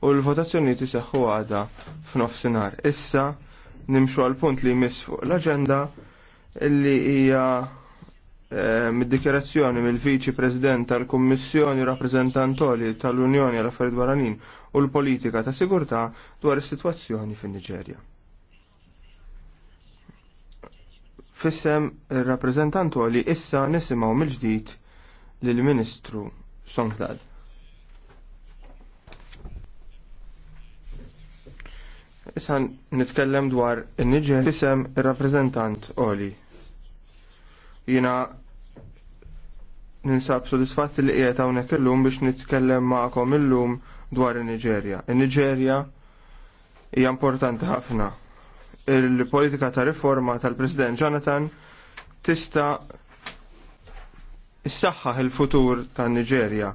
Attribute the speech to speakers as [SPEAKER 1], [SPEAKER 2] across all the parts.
[SPEAKER 1] u l-votazzjoni iseħħu għada f'nofsinhar. Issa nimxu għal punt li jmiss fuq l-aġenda li hija eh, mid-dikjerazzjoni mill-Viċi President tal-Kummissjoni Rappreżentantoli tal-Unjoni għal affarijiet Barranin u l-Politika ta' Sigurtà dwar is-sitwazzjoni fin-Niġerja. Fissem ir-rappreżentantoli issa nisimgħu mill-ġdid lill-Ministru Songdal. Issa nitkellem dwar in-Niġer isem ir-rappreżentant Oli. Jina ninsab sodisfat li qiegħed hawnhekk illum biex nitkellem magħkom illum dwar in-Niġerja. In-Niġerja hija importanti ħafna. Il-politika ta' riforma tal-President Jonathan tista' issaħħaħ il-futur tan-Niġerja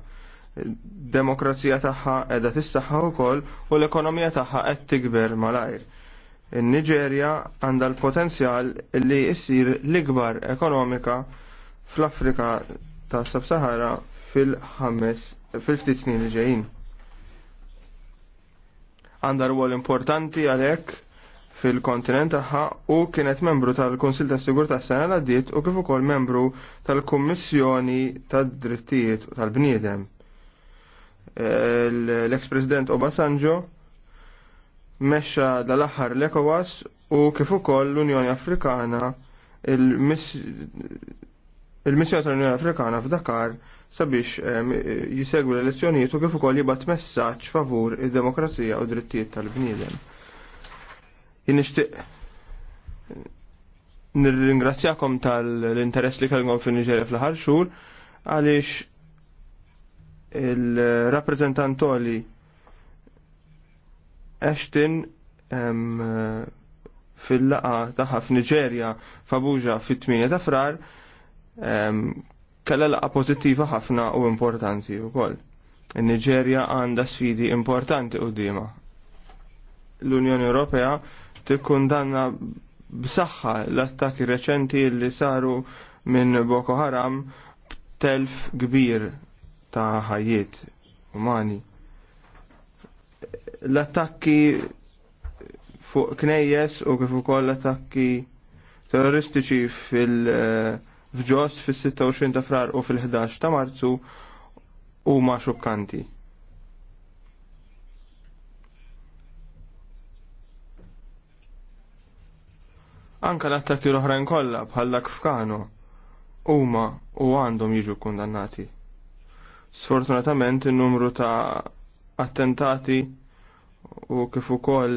[SPEAKER 1] demokrazija tagħha qiegħda tissaħħa wkoll u l-ekonomija tagħha qed tikber malajr. In-Niġerja għandha l-potenzjal li jissir l-ikbar ekonomika fl-Afrika ta' Sab-Sahara fil ħammes fil-ftit snin li ġejjin. Għanda rwol importanti għalhekk fil-kontinent tagħha u kienet membru tal-Kunsil tas Sigur tas sena l-għaddiet u kif ukoll membru tal-Kummissjoni tad-Drittijiet tal-Bniedem l-ex-president Obasanjo mexxa dal-aħħar l-ECOWAS u kif ukoll l-Unjoni Afrikana il-missjoni tal-Unjoni Afrikana f'Dakar sabiex jisegwi l-elezzjonijiet u kif ukoll jibgħat messaġġ favur id-demokrazija u drittijiet tal-bniedem. Jien nixtieq nirringrazzjakom tal-interess li kellkom fin-Niġerja fl-aħħar xhur għaliex il-rappresentantoli Ashton fil-laqa taħħa f'Niġerja f'Abuja fit-8 ta' frar kalla laqa pozittiva ħafna u importanti wkoll. In-Niġerja għandha sfidi importanti dima. L-Unjoni Ewropea tikkundanna b'saħħa l-attakki reċenti li saru minn Boko Haram telf kbir ta' ħajiet umani. L-attakki fuq knejjes u kif ukoll attakki terroristiċi fil-ġos eh, fil-26 ta' frar u fil-11 ta' marzu huma xukkanti. Anka l-attakki l-oħrajn kollha bħal dak f'Kano huma u għandhom jiġu kundannati. Sfortunatament in-numru ta' attentati u kif ukoll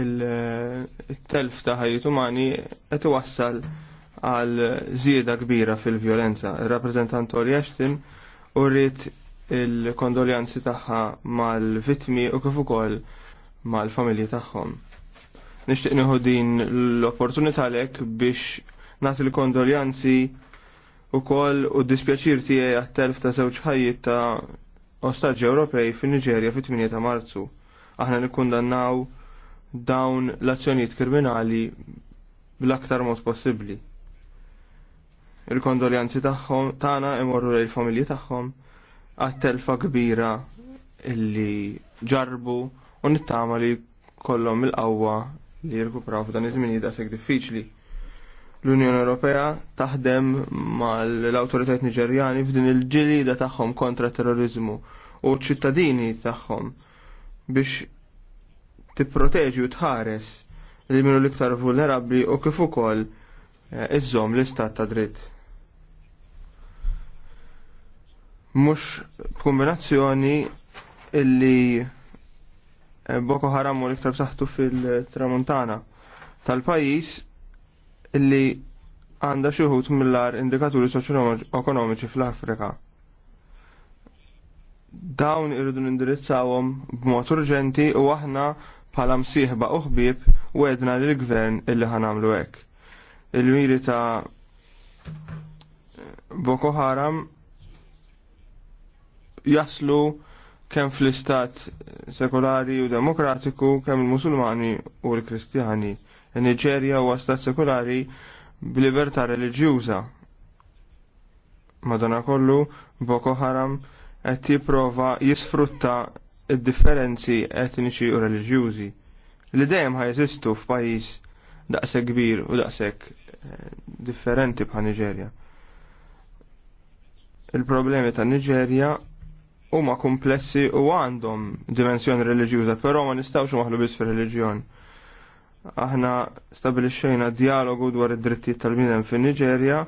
[SPEAKER 1] il-telf ta' ħajjiet umani qed iwassal għal zieda kbira fil-vjolenza. il rappreżentant Tori Ashton u rrit il-kondoljanzi tagħha mal vittmi u kif ukoll mal-familji tagħhom. Nixtieq nieħu din l-opportunità lek biex nagħti l-kondoljanzi u kol u dispjaċir tijaj għattelf ta' zewġ ħajjiet ta' ostaġġi Ewropej fin niġerja fit-8 ta' Marzu. Aħna nikkundannaw dawn l-azzjonijiet kriminali bl-aktar mod possibbli. Il-kondoljanzi tagħhom tagħna imorru lejn familji tagħhom għat-telfa kbira illi ġarbu u nittama li kollhom il-qawwa li jirkupraw f'dan iż-żmien sek diffiċli l-Unjoni Ewropea taħdem mal-autoritajt Niġerjani f'din il-ġilida tagħhom kontra terrorizmu u ċittadini tagħhom biex tipproteġi u tħares li minnu l-iktar vulnerabbli u kif ukoll eh, iżżomm l-istat ta' dritt. Mhux kombinazzjoni illi eh, Boko Haram u l-iktar b'saħħtu fil-Tramuntana tal-pajjiż illi għandha xi wħud mill-ar indikaturi soċjo-ekonomiċi fl-Afrika. Dawn irridu nindirizzawhom b'mod urġenti u aħna bħala msieħba u ħbieb wedna lill gvern illi ħanamlu hekk. Il-miri ta' Boko Haram jaslu kemm fl-istat sekolari u demokratiku kemm il-Musulmani u l-Kristjani. Niġerja huwa stat sekulari b'libertà reliġjuża. kollu Boko Haram qed jipprova jisfrutta id-differenzi etniċi u reliġjużi li dejjem ħajżistu f'pajjiż daqshekk kbir u daqshekk eh, differenti bħal Niġerja. Il-problemi ta' Niġerja huma komplessi u għandhom dimensjoni reliġjuża, però ma nistgħux maħlu biss fir-reliġjon aħna stabilixxejna dialogu dwar id-drittijiet tal-bnedem fin niġerja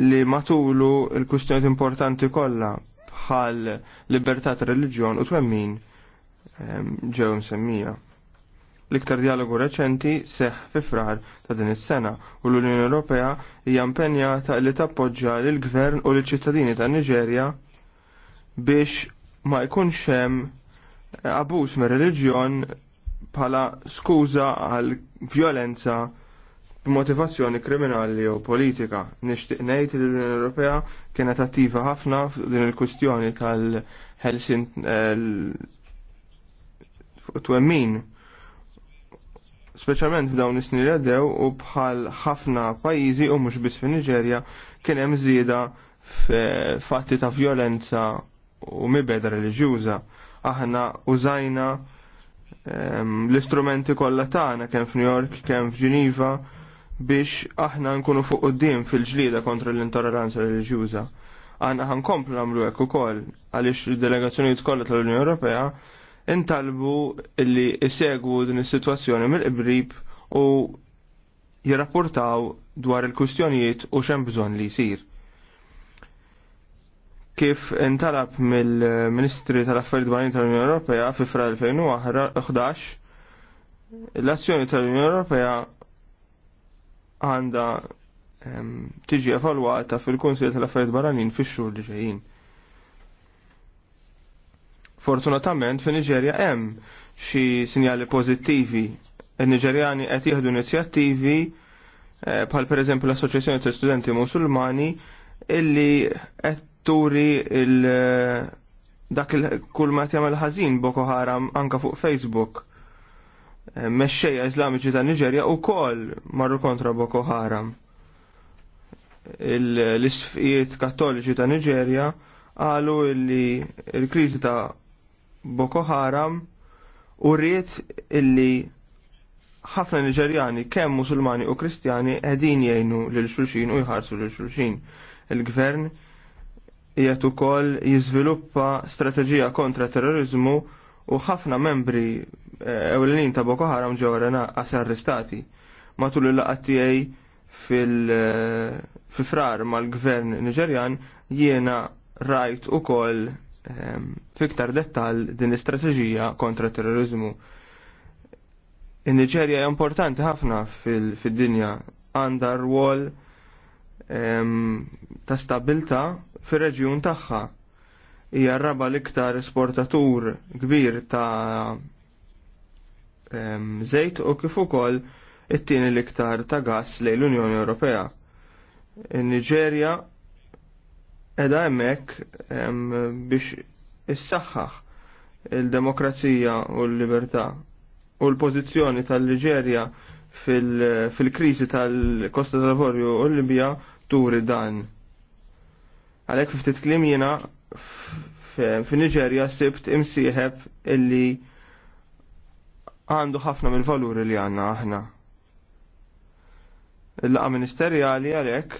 [SPEAKER 1] li matulu l-kustjoniet importanti kollha bħal libertà ta' reliġjon u twemmin ġew msemmija. L-iktar dialogu reċenti seħ fi frar ta' din is-sena u l-Unjoni Ewropea hija impenjata li tappoġġja lill gvern u l-ċittadini tan Niġerja biex ma jkunx hemm abuż mir-reliġjon bħala skuża għal violenza b'motivazzjoni kriminali jew politika. Nixtieq ngħid li l-Unjoni Ewropea kienet attiva ħafna din il-kwistjoni tal-Helsin eh, twemmin speċjalment f'dawn is-snin li għaddew u bħal ħafna pajjiżi u mhux biss fin-Niġerja kien hemm żieda fatti ta' violenza u mibeda reliġjuża. Aħna użajna Ehm, l-istrumenti kollha tagħna kemm f'New York, kemm f'Ġiniva biex aħna nkunu fuq quddiem fil-ġlieda kontra l-intolleranza reliġjuża. Aħna ħankomplu nagħmlu hekk ukoll għaliex id delegazzjonijiet kollha tal-Unjoni Ewropea intalbu li isegwu din is-sitwazzjoni mill-qrib u jirrapportaw dwar il-kustjonijiet u xem bżonn li jsir kif intalab mill-Ministri tal-Affarijiet Barranin tal-Unjoni Ewropea fi fra 2011 l-azzjoni tal-Unjoni Ewropea għandha tiġi evalwata fil-Kunsil tal-Affarijiet Barranin fix-xhur li ġejjin. Fortunatament fin Niġerja hemm xi sinjali pożittivi. Il-Niġerjani qed jieħdu inizjattivi eh, bħal pereżempju l-Assoċjazzjoni tal-Studenti Musulmani illi qed turi il dak il kull ma jagħmel ħażin Boko Haram anka fuq Facebook. Eh, mexxejja Islamiċi ta' Niġerja wkoll marru kontra Boko Haram. L-isfijiet kattoliċi ta' Niġerja qalu illi l-kriżi ta' Boko Haram u rrit illi ħafna Niġerjani kemm Musulmani u Kristjani qegħdin jgħinu lil xulxin u jħarsu lil xulxin. Il-gvern il gvern jgħet ukoll jiżviluppa strateġija kontra terrorizmu u ħafna membri eh, ewlenin ta' Boko Haram ġew għas arrestati. Matul il-laqgħat fil-frar eh, mal-gvern Niġerjan jiena rajt ukoll ehm, fiktar dettal din l-istrateġija kontra terrorizmu. In-Niġerja importanti ħafna fil-dinja għandha rwol ta' stabilta fir-reġjun tagħha. Hija raba l-iktar esportatur kbir ta' żejt u kif ukoll it-tieni l-iktar ta' gass lejn l-Unjoni Ewropea. Niġerja edha hemmhekk biex issaħħaħ il-demokrazija u l-libertà u l-pożizzjoni tal-Niġerja fil-kriżi tal-Kosta tal-Lavorju u l-Libja turi dan. Għalek ftit klim jena f'Niġerja sibt imsieħeb illi għandu ħafna mill-valuri li għanna aħna. Il-laqa ministerjali għalek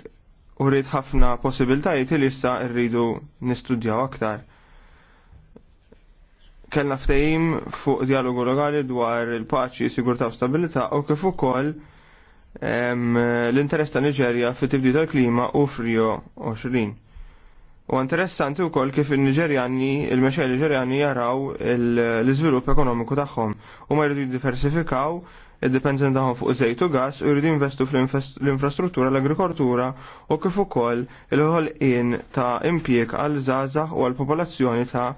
[SPEAKER 1] u rrid ħafna possibiltajiet li issa rridu nistudjaw aktar. Kellna ftehim fuq dialogu lokali dwar il-paċi, sigurtà u stabilità u kif ukoll l-interess ta' Niġerja fi tibdil tal-klima u frio 20. U interessanti wkoll kif il-Niġerjani, il-mexej Niġerjani jaraw l-iżvilupp ekonomiku tagħhom u ma jridu jiddiversifikaw id-dependent tagħhom fuq żejt u gass u jridu investu fl-infrastruttura l-agrikoltura u kif ukoll il-ħolqien ta' impjieg għal żgħażagħ u għal popolazzjoni ta'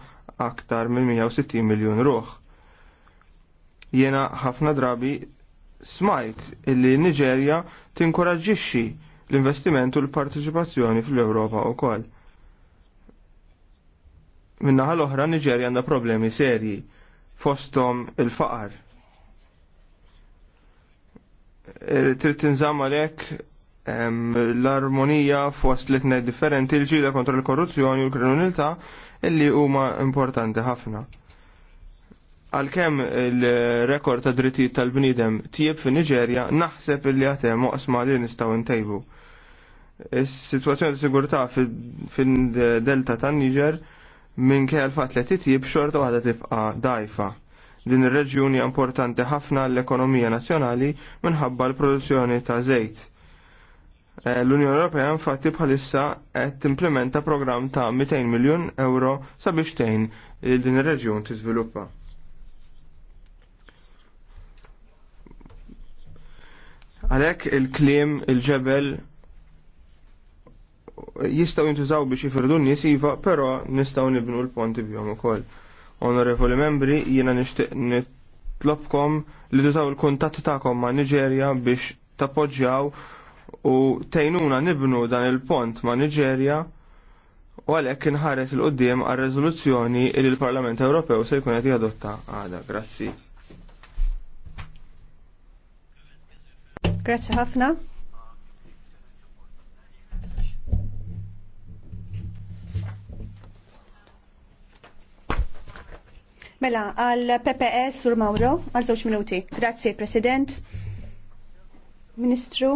[SPEAKER 1] aktar minn 160 miljun ruħ. Jiena ħafna drabi smajt illi Niġerja tinkoraġġixxi l-investiment u l parteċipazzjoni fl-Ewropa wkoll. Min-naħa l-oħra Niġerja għandha problemi serji fosthom il-faqar. E, trid tinżamm għalhekk l-armonija fost li tnejn differenti l-ġida kontra l-korruzzjoni u l-kriminalità illi huma importanti ħafna. Għalkemm il-rekord ta' drittijiet tal-bniedem tijib fin Niġerja naħseb li għatem oqsma li nistgħu ntejbu. Is-sitwazzjoni ta' sigurtà fin-delta tan Niġer minn kej għal-fat li tijib xorta waħda tibqa' dajfa. Din ir-reġjuni importanti ħafna l-ekonomija nazzjonali minħabba l-produzzjoni ta' żejt. Eh, L-Unjoni Ewropea infatti bħalissa qed implementa programm ta' 200 miljun euro sabiex tgħin din ir-reġjun tiżviluppa. Għalhekk il-kliem il-ġebel jistaw jintużaw biex jifirdu n nisiva pero però nistgħu nibnu l-ponti bihom ukoll. Onorevoli membri, jiena nixtieq nitlobkom li tużaw il-kuntatt tagħkom ma' Niġerja biex tapoġġjaw u tejnuna nibnu dan il-pont ma' Niġerja u għalhekk inħares il-qudiem għal-rezoluzzjoni li l-Parlament Ewropew se jkun qed jadotta għada. Grazzi.
[SPEAKER 2] Grazie ħafna. Mela, għal PPS Sur Mauro, għal żewġ minuti. Grazie, President. Ministru,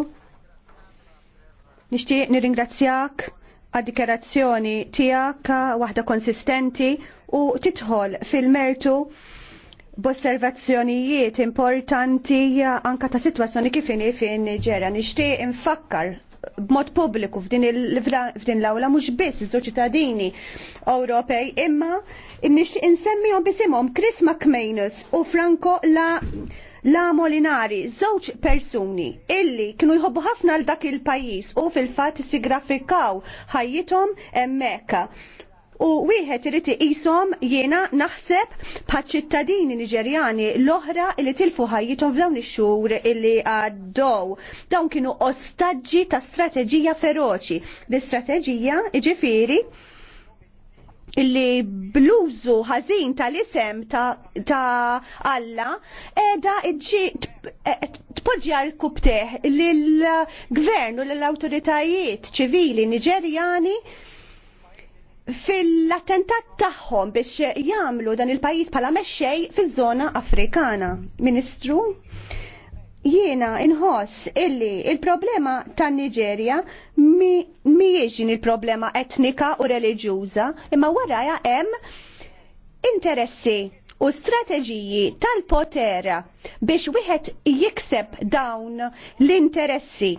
[SPEAKER 2] nixtieq nirringrazzjak għad dikerazzjoni tiegħek waħda konsistenti u titħol fil-mertu b'osservazzjonijiet importanti anka ta' situazzjoni kif inhi fin Niġerja. Nixtieq infakkar b'mod pubbliku f'din l-awla mhux biss iż ċittadini Ewropej imma nixtieq insemmihom bisimhom Chris McManus u Franco la La Molinari, żewġ persuni illi kienu jħobbu ħafna l dak il-pajjiż u fil-fatt sigrafikaw ħajjithom hemmhekk u wieħed irid iqishom jiena naħseb paċ-ċittadini Niġerjani l-oħra li tilfu ħajjithom f'dawn ix-xhur illi għaddew. Dawn kienu ostaġġi ta' strateġija feroċi. L-istrateġija ġifieri illi bluzu ħażin tal-isem ta' Alla edha iġi tpoġġja l-kubteħ lill-gvern u l-awtoritajiet ċivili Niġerjani fil-attentat tagħhom biex jagħmlu dan il-pajjiż bħala mexxej fiż-żona Afrikana. Ministru, jiena inħoss illi il-problema tan niġerja mhijiex din il-problema etnika u reliġjuża, imma warajja hemm interessi u strateġiji tal-poter biex wieħed jikseb dawn l-interessi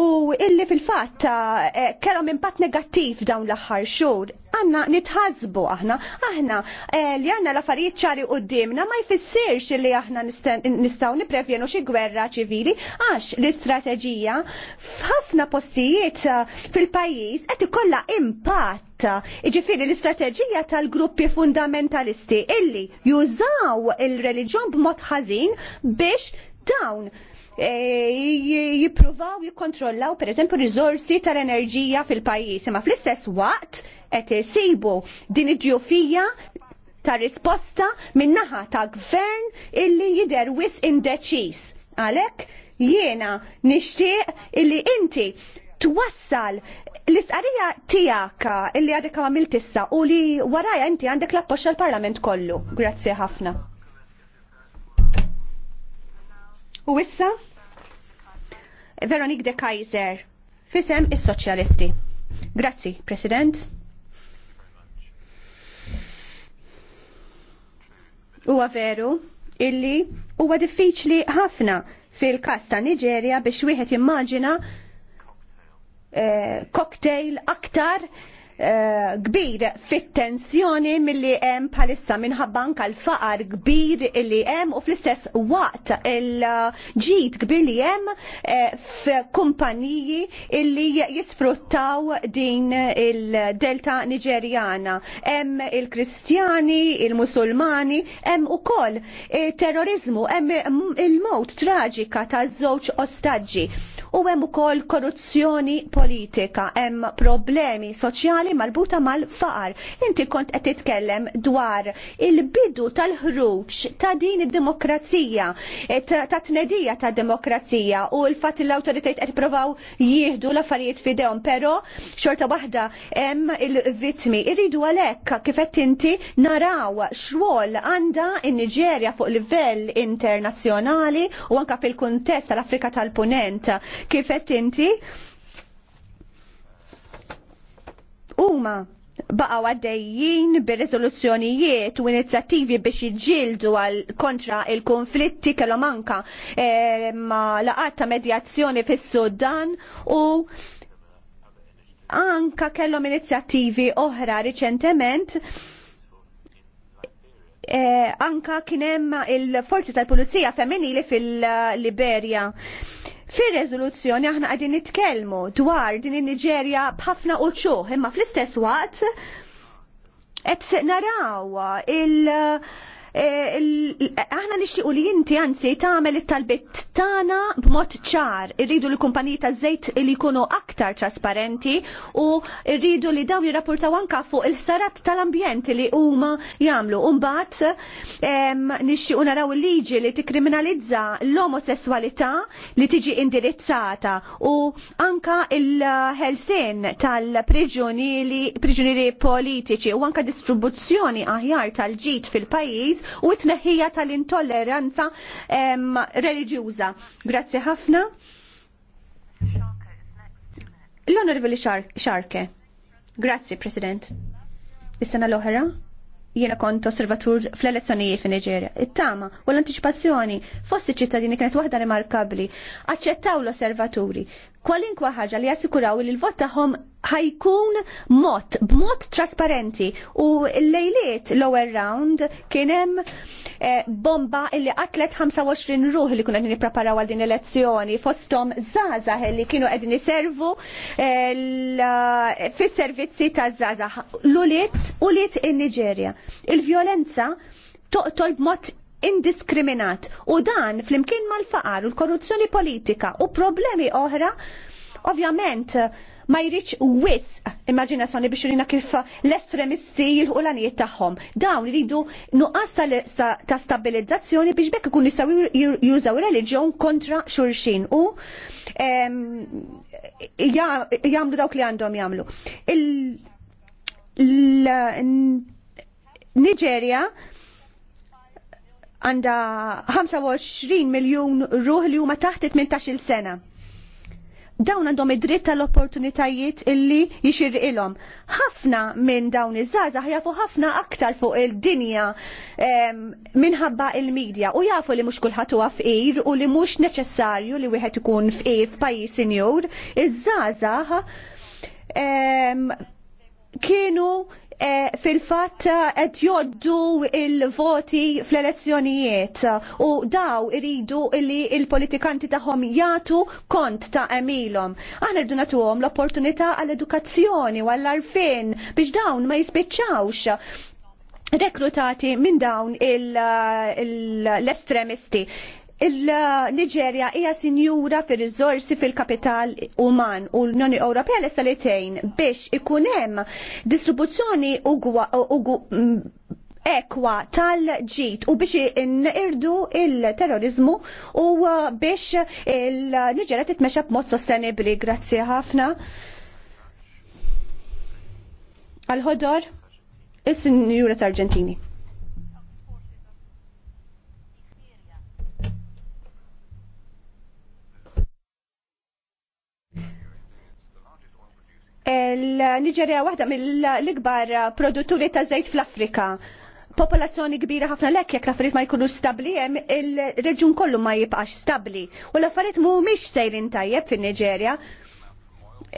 [SPEAKER 2] u illi fil-fatt eh, kellhom impatt negattiv dawn l-aħħar xhur. Għanna nitħasbu aħna, aħna eh, li għandna l-affarijiet ċari qudiemna ma jfissirx li aħna nistgħu niprevjenu xi gwerra ċivili għax l-istrateġija f'ħafna postijiet eh, fil-pajjiż qed ikollha impatt Iġifiri l-istrateġija tal-gruppi fundamentalisti illi jużaw il-reliġjon b'mod ħażin biex dawn Eh, jippruvaw jikkontrollaw eżempju rizorsi tal-enerġija fil-pajjiż, imma fl-istess waqt qed isibu din id-djufija ta' risposta min-naħa ta' gvern illi jidher wis indeċiż. Għalhekk jiena nixtieq illi inti twassal l-istqarija tijak illi għadek għamilt issa u li waraja inti għandek l-appoċ tal-parlament kollu. Grazzi ħafna. U issa? Veronique de Kaiser, fisem is-Soċjalisti. Grazzi, President. Huwa veru illi huwa diffiċli ħafna fil-kas ta' Niġerja biex wieħed jimmaġina eh, cocktail aktar Eh, kbir fit-tensjoni milli hemm bħalissa minħabba anke l-faqar kbir li hemm u fl-istess waqt il-ġid kbir li hemm eh, f'kumpaniji illi jisfruttaw din il-delta Niġerjana. Hemm il-Kristjani, il-Musulmani, hemm ukoll terrorizmu, hemm il-mowt traġika ta' żewġ ostaġġi u hemm ukoll korruzzjoni politika, hemm problemi soċjali marbuta mal-faqar. Inti kont qed titkellem dwar il-bidu tal-ħruġ ta' din id-demokrazija, eh, ta' tnedija ta' demokrazija u l-fatt l-awtoritajt qed provaw jieħdu l-affarijiet fidejhom, però xorta waħda hemm il vittmi Irridu għalhekk kif qed inti naraw xwol għandha in-Niġerja fuq livell internazzjonali u anka fil-kuntest tal-Afrika tal-Punent kifet inti huma baqgħu għaddejjin bir-riżoluzzjonijiet u inizjattivi biex jiġġieldu għal kontra il-konflitti kellhom anka e, ma laqat ta' medjazzjoni fis-Sudan u anka kellhom inizjattivi oħra riċentement e, anka kien hemm il-forzi tal-pulizija femminili fil-Liberja. Fir-reżoluzzjoni aħna għadin nitkellmu dwar din in-Niġerja b'ħafna uċuħ, imma fl-istess waqt qed naraw il- Eh, aħna nixtiequ li inti anzi tagħmel it-talbit tagħna b'mod ċar. Irridu li kumpaniji taż-żejt li jkunu aktar trasparenti u rridu li dawn jirrapportaw anka fuq il-ħsarat tal-ambjent li huma jagħmlu. Mbagħad nixtiequ naraw il-liġi li tikkriminalizza l-omosessualità li tiġi indirizzata u anka il-ħelsien tal-priġunieri politiċi u anka distribuzzjoni aħjar tal-ġit fil-pajjiż u t-neħija tal-intolleranza reliġjuża. Grazzi ħafna. L-Onorevoli Xarke. Grazie, President. Is-sena l-oħra? jiena kont osservatur fl-elezzjonijiet fin Niġerja. It-tama u l-antiċipazzjoni fossi ċittadini kienet waħda remarkabbli. Aċċettaw l-osservaturi. Kwalinkwa ħaġa li jassikuraw li l-vot tagħhom ħajkun mod, b'mod trasparenti u l-lejliet lower round kienem eh, bomba illi qatlet 25 ruħ li kuna għedin nipreparaw għal din elezzjoni fostom zaza li kienu għedin servu eh, fis servizzi ta' zaza l-uliet u in nigeria Il-violenza toqtol b'mod indiskriminat u dan fl-imkien mal-faqar u l-korruzzjoni politika u problemi oħra ovvjament ma jridx wis immaġinazzjoni biex jurina kif l-estremisti jilħu l-għaniet tagħhom. Dawn jridu nuqqas ta' stabilizzazzjoni biex bekk ikun jistgħu jużaw reliġjon kontra xulxin u jagħmlu dawk li għandhom jagħmlu. Nigeria għandha 25 miljun ruħ li huma taħt 18-il sena dawn għandhom id-dritt tal-opportunitajiet illi jixir ilhom. Ħafna minn dawn iż-żaza jafu ħafna aktar fuq il-dinja minħabba il-medja u jafu li mhux kulħadd huwa fqir u li mhux neċessarju li wieħed ikun fqir f'pajjiż senjur. Iż-żaza kienu Eh, fil-fatt eh, qed joddu il-voti fl-elezzjonijiet u daw iridu li il-politikanti tagħhom jagħtu kont ta' emilhom. Aħna rridu nagħtuhom l-opportunità għall-edukazzjoni u għall-arfin biex dawn ma jispiċċawx rekrutati minn dawn l-estremisti il-Nigeria hija sinjura fir rizorsi fil-kapital uman u l-Unjoni Ewropea l salitejn biex ikun hemm distribuzzjoni ekwa tal-ġit u biex irdu il-terrorizmu u uh, biex il-Nigeria titmexa b'mod sostenibli. Grazzi ħafna. Al-ħodor, il-Sinjura Sargentini. l-Niġerja waħda mill-ikbar produtturi ta' żejt fl-Afrika. Popolazzjoni kbira ħafna lek jekk l-affarijiet ma jkunu stabbli hemm il reġjun kollu ma jibqax stabbli. U l-affarijiet mhumiex sejrin tajjeb fin-Niġerja.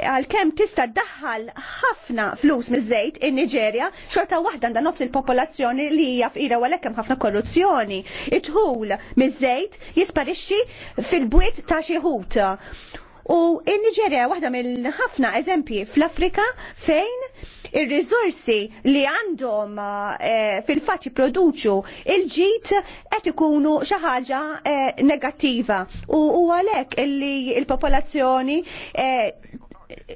[SPEAKER 2] Għalkemm tista' ddaħħal ħafna flus miż-żejt in-Niġerja, xorta waħda għandha nofs il-popolazzjoni li hija fqira u għalhekk hemm ħafna korruzzjoni. Idħul miż-żejt jisparixxi fil-bwiet ta' xi ħut U in-Niġerja waħda mill-ħafna eżempji fl-Afrika fejn ir rizorsi li għandhom eh, fil fatti produċu il-ġit qed ikunu xi ħaġa eh, negattiva. U għalhekk illi l-popolazzjoni eh,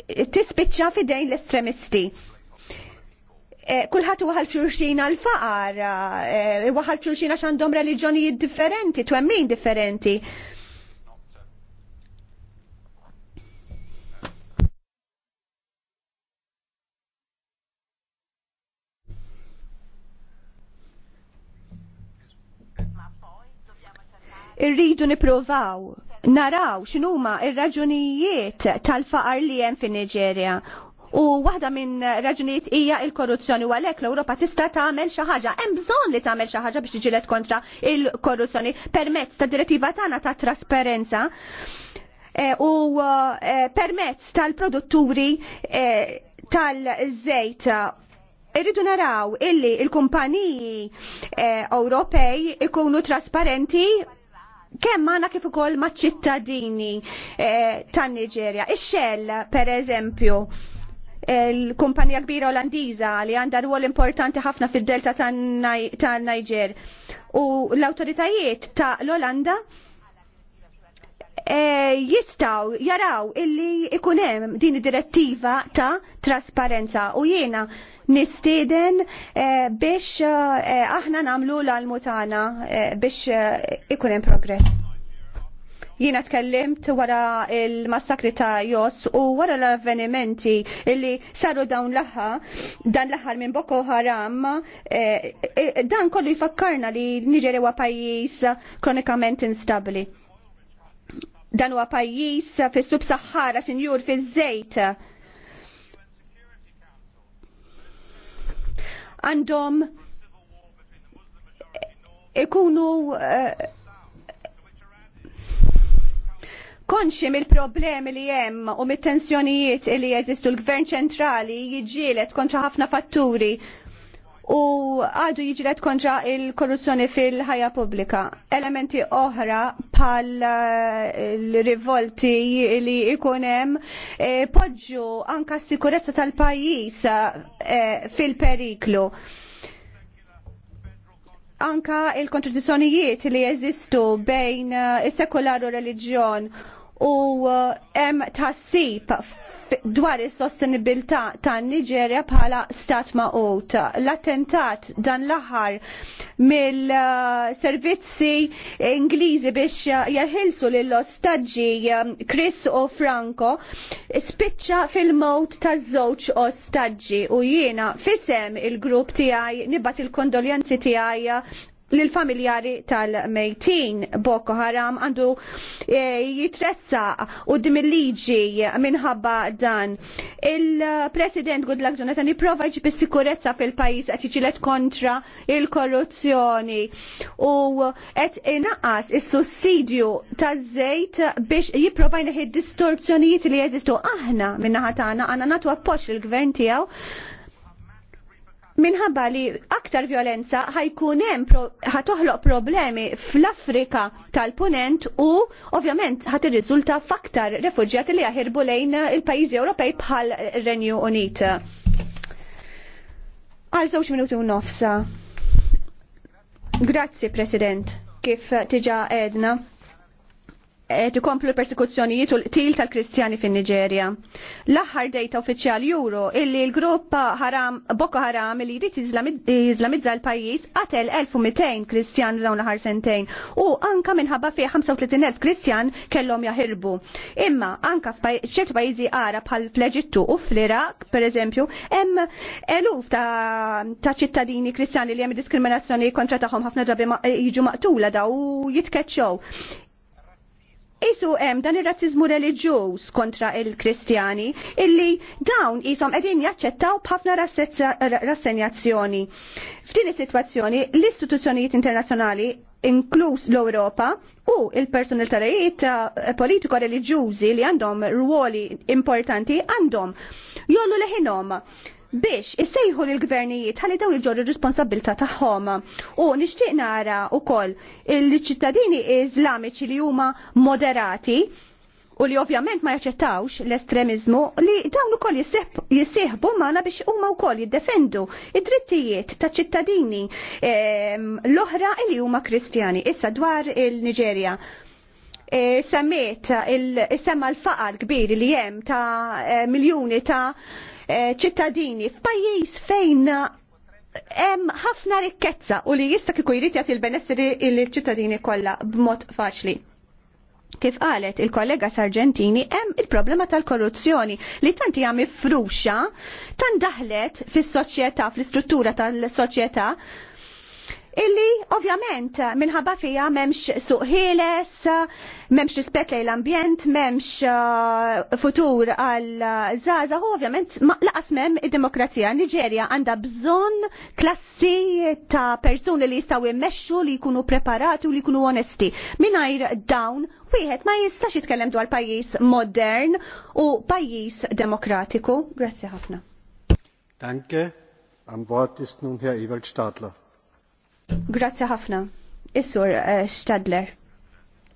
[SPEAKER 2] tispiċċa fidejn l-estremisti. Kulħat kullħat waħal xurxin faqar eh, waħal xurxin għax reliġjonijiet differenti, twemmin differenti irridu niprovaw naraw x'inhuma ir-raġunijiet tal-faqar li hemm fin niġerja U waħda minn raġunijiet hija il-korruzzjoni u għalhekk l-Ewropa tista' tagħmel xi ħaġa. Hemm bżonn li tagħmel xi ħaġa biex tiġilet kontra il-korruzzjoni permezz ta' direttiva tagħna ta' trasparenza e, u e, permezz tal-produtturi e, tal-żejt irridu naraw illi il-kumpaniji e, Ewropej ikunu trasparenti kemm għana kif ukoll maċ-ċittadini eh, tan-Niġerja. Ix-Shell, pereżempju, il-kumpanija kbira Olandiża li għandha rwol importanti ħafna fid-delta tan niger U l-awtoritajiet ta' l-Olanda E, jistaw jaraw illi ikunem din direttiva ta' trasparenza u jiena nistiden e, biex e, aħna namlu l-almutana biex ikunem progress. Jiena tkellimt wara il-massakri ta' Jos u wara l-avvenimenti illi saru dawn laħa, dan l-aħħar minn Boko Haram, dan kollu jfakkarna li Niġeri huwa pajjiż kronikament instabli dan huwa pajjiż fis-subsahara sinjur fiż-żejt. Għandhom ikunu uh, konxi mill-problemi li hemm u mit-tensjonijiet li jeżistu l-Gvern ċentrali jiġielet kontra ħafna fatturi u għadu jiġret kontra il-korruzzjoni fil-ħajja pubblika. Elementi oħra pal eh, rivolti li ikunem eh, poġġu anka sikurezza tal-pajis eh, fil-periklu. Anka il-kontradizzjonijiet li jeżistu bejn is-sekolaru reliġjon u hemm tħassib dwar is-sostenibilità tan Niġerja bħala stat maqut. L-attentat dan l-aħħar mill-servizzi Ingliżi biex eh, jeħilsu lill ostaġġi eh, Chris u Franco spiċċa fil-mowt taż-żewġ ostaġġi u jiena fisem il-grupp tiegħi nibgħat il-kondoljanzi tiegħi l-familjari tal-mejtin Boko Haram għandu eh, jitressa u dimill-liġi minħabba dan. Il-President Goodluck Jonathan jiprofa ġib sikurezza fil-pajis għat jġilet kontra il-korruzzjoni u għet inaqas il-sussidju ta' zejt biex jiprofa jneħi distorzjonijiet li jeżistu aħna minnaħatana għana natu appoċ il-gvern tijaw minħabba li aktar violenza ħajkun hemm ħatoħloq pro, problemi fl-Afrika tal-Punent u ovvjament ħat irriżulta f'aktar refuġjati li jaħirbu lejn il-pajjiżi Ewropej bħal Renju Unit. Għal żewġ minuti u nofsa. Grazzi, President, kif tiġa edna tikomplu ikomplu l-persekuzzjonijiet u l-qtil tal-Kristjani fin-Niġerja. L-aħħar dejta uffiċjali juro illi l-grupp Haram Boko Haram li jrid jiżlamizza l-pajjiż qatel 1200 Kristjan dawn l-aħħar sentejn u anka minħabba fi 35,000 Kristjan kellhom jaħirbu. Imma anka f'ċertu pajjiżi għara bħal fl-Eġittu u fl-Iraq, pereżempju, hemm eluf ta' ċittadini Kristjani li hemm diskriminazzjoni kontra tagħhom ħafna drabi jiġu maqtula daw jitkeċċew. Isu hemm dan ir-razziżmu reliġjuż kontra il-Kristjani illi dawn isom qegħdin jaċċettaw b'ħafna rassenjazzjoni. F'din is-sitwazzjoni l-istituzzjonijiet internazzjonali inkluż l-Ewropa u il-personalitajiet eh, politiko reliġjużi li għandhom ruoli importanti għandhom jollu leħinhom biex issejħu l-gvernijiet ħalli daw il-ġorri responsabilta taħħom. U nishtiq nara u koll il-ċittadini iżlamiċi li huma moderati u li ovvjament ma jaċċettawx l-estremizmu li dawn ukoll jissieħbu magħna biex huma wkoll jiddefendu id-drittijiet ta' ċittadini ehm, l-oħra li huma Kristjani. Issa dwar il-Niġerja. E, semmiet il-semma l-faqar kbir li hemm ta' e, miljuni ta' Eh, ċittadini f'pajjiż fejn hemm ħafna rikkezza u li jista' kieku jrid jagħti l-benesseri lill-ċittadini kollha b'mod faċli. Kif qalet il-kollega Sargentini, hemm il-problema tal-korruzzjoni li tant hija mifruxa, tant daħlet fis-soċjetà, fl-istruttura tal-soċjetà, illi ovvjament minħabba fija memx suq ħieles, memx rispett lejn l-ambjent, memx uh, futur għal uh, zaza, u ovvjament laqas mem id-demokrazija. Nigeria għandha bżonn klassi ta' persuni li jistgħu jmexxu li jkunu preparati u li jkunu onesti. Mingħajr dawn wieħed ma jistax jitkellem dwar pajjiż modern u pajjiż demokratiku. Grazzi ħafna.
[SPEAKER 1] Danke. Am Wort ist nun Herr Ewald Stadler.
[SPEAKER 2] Grazzi ħafna. isur uh, eh, Stadler.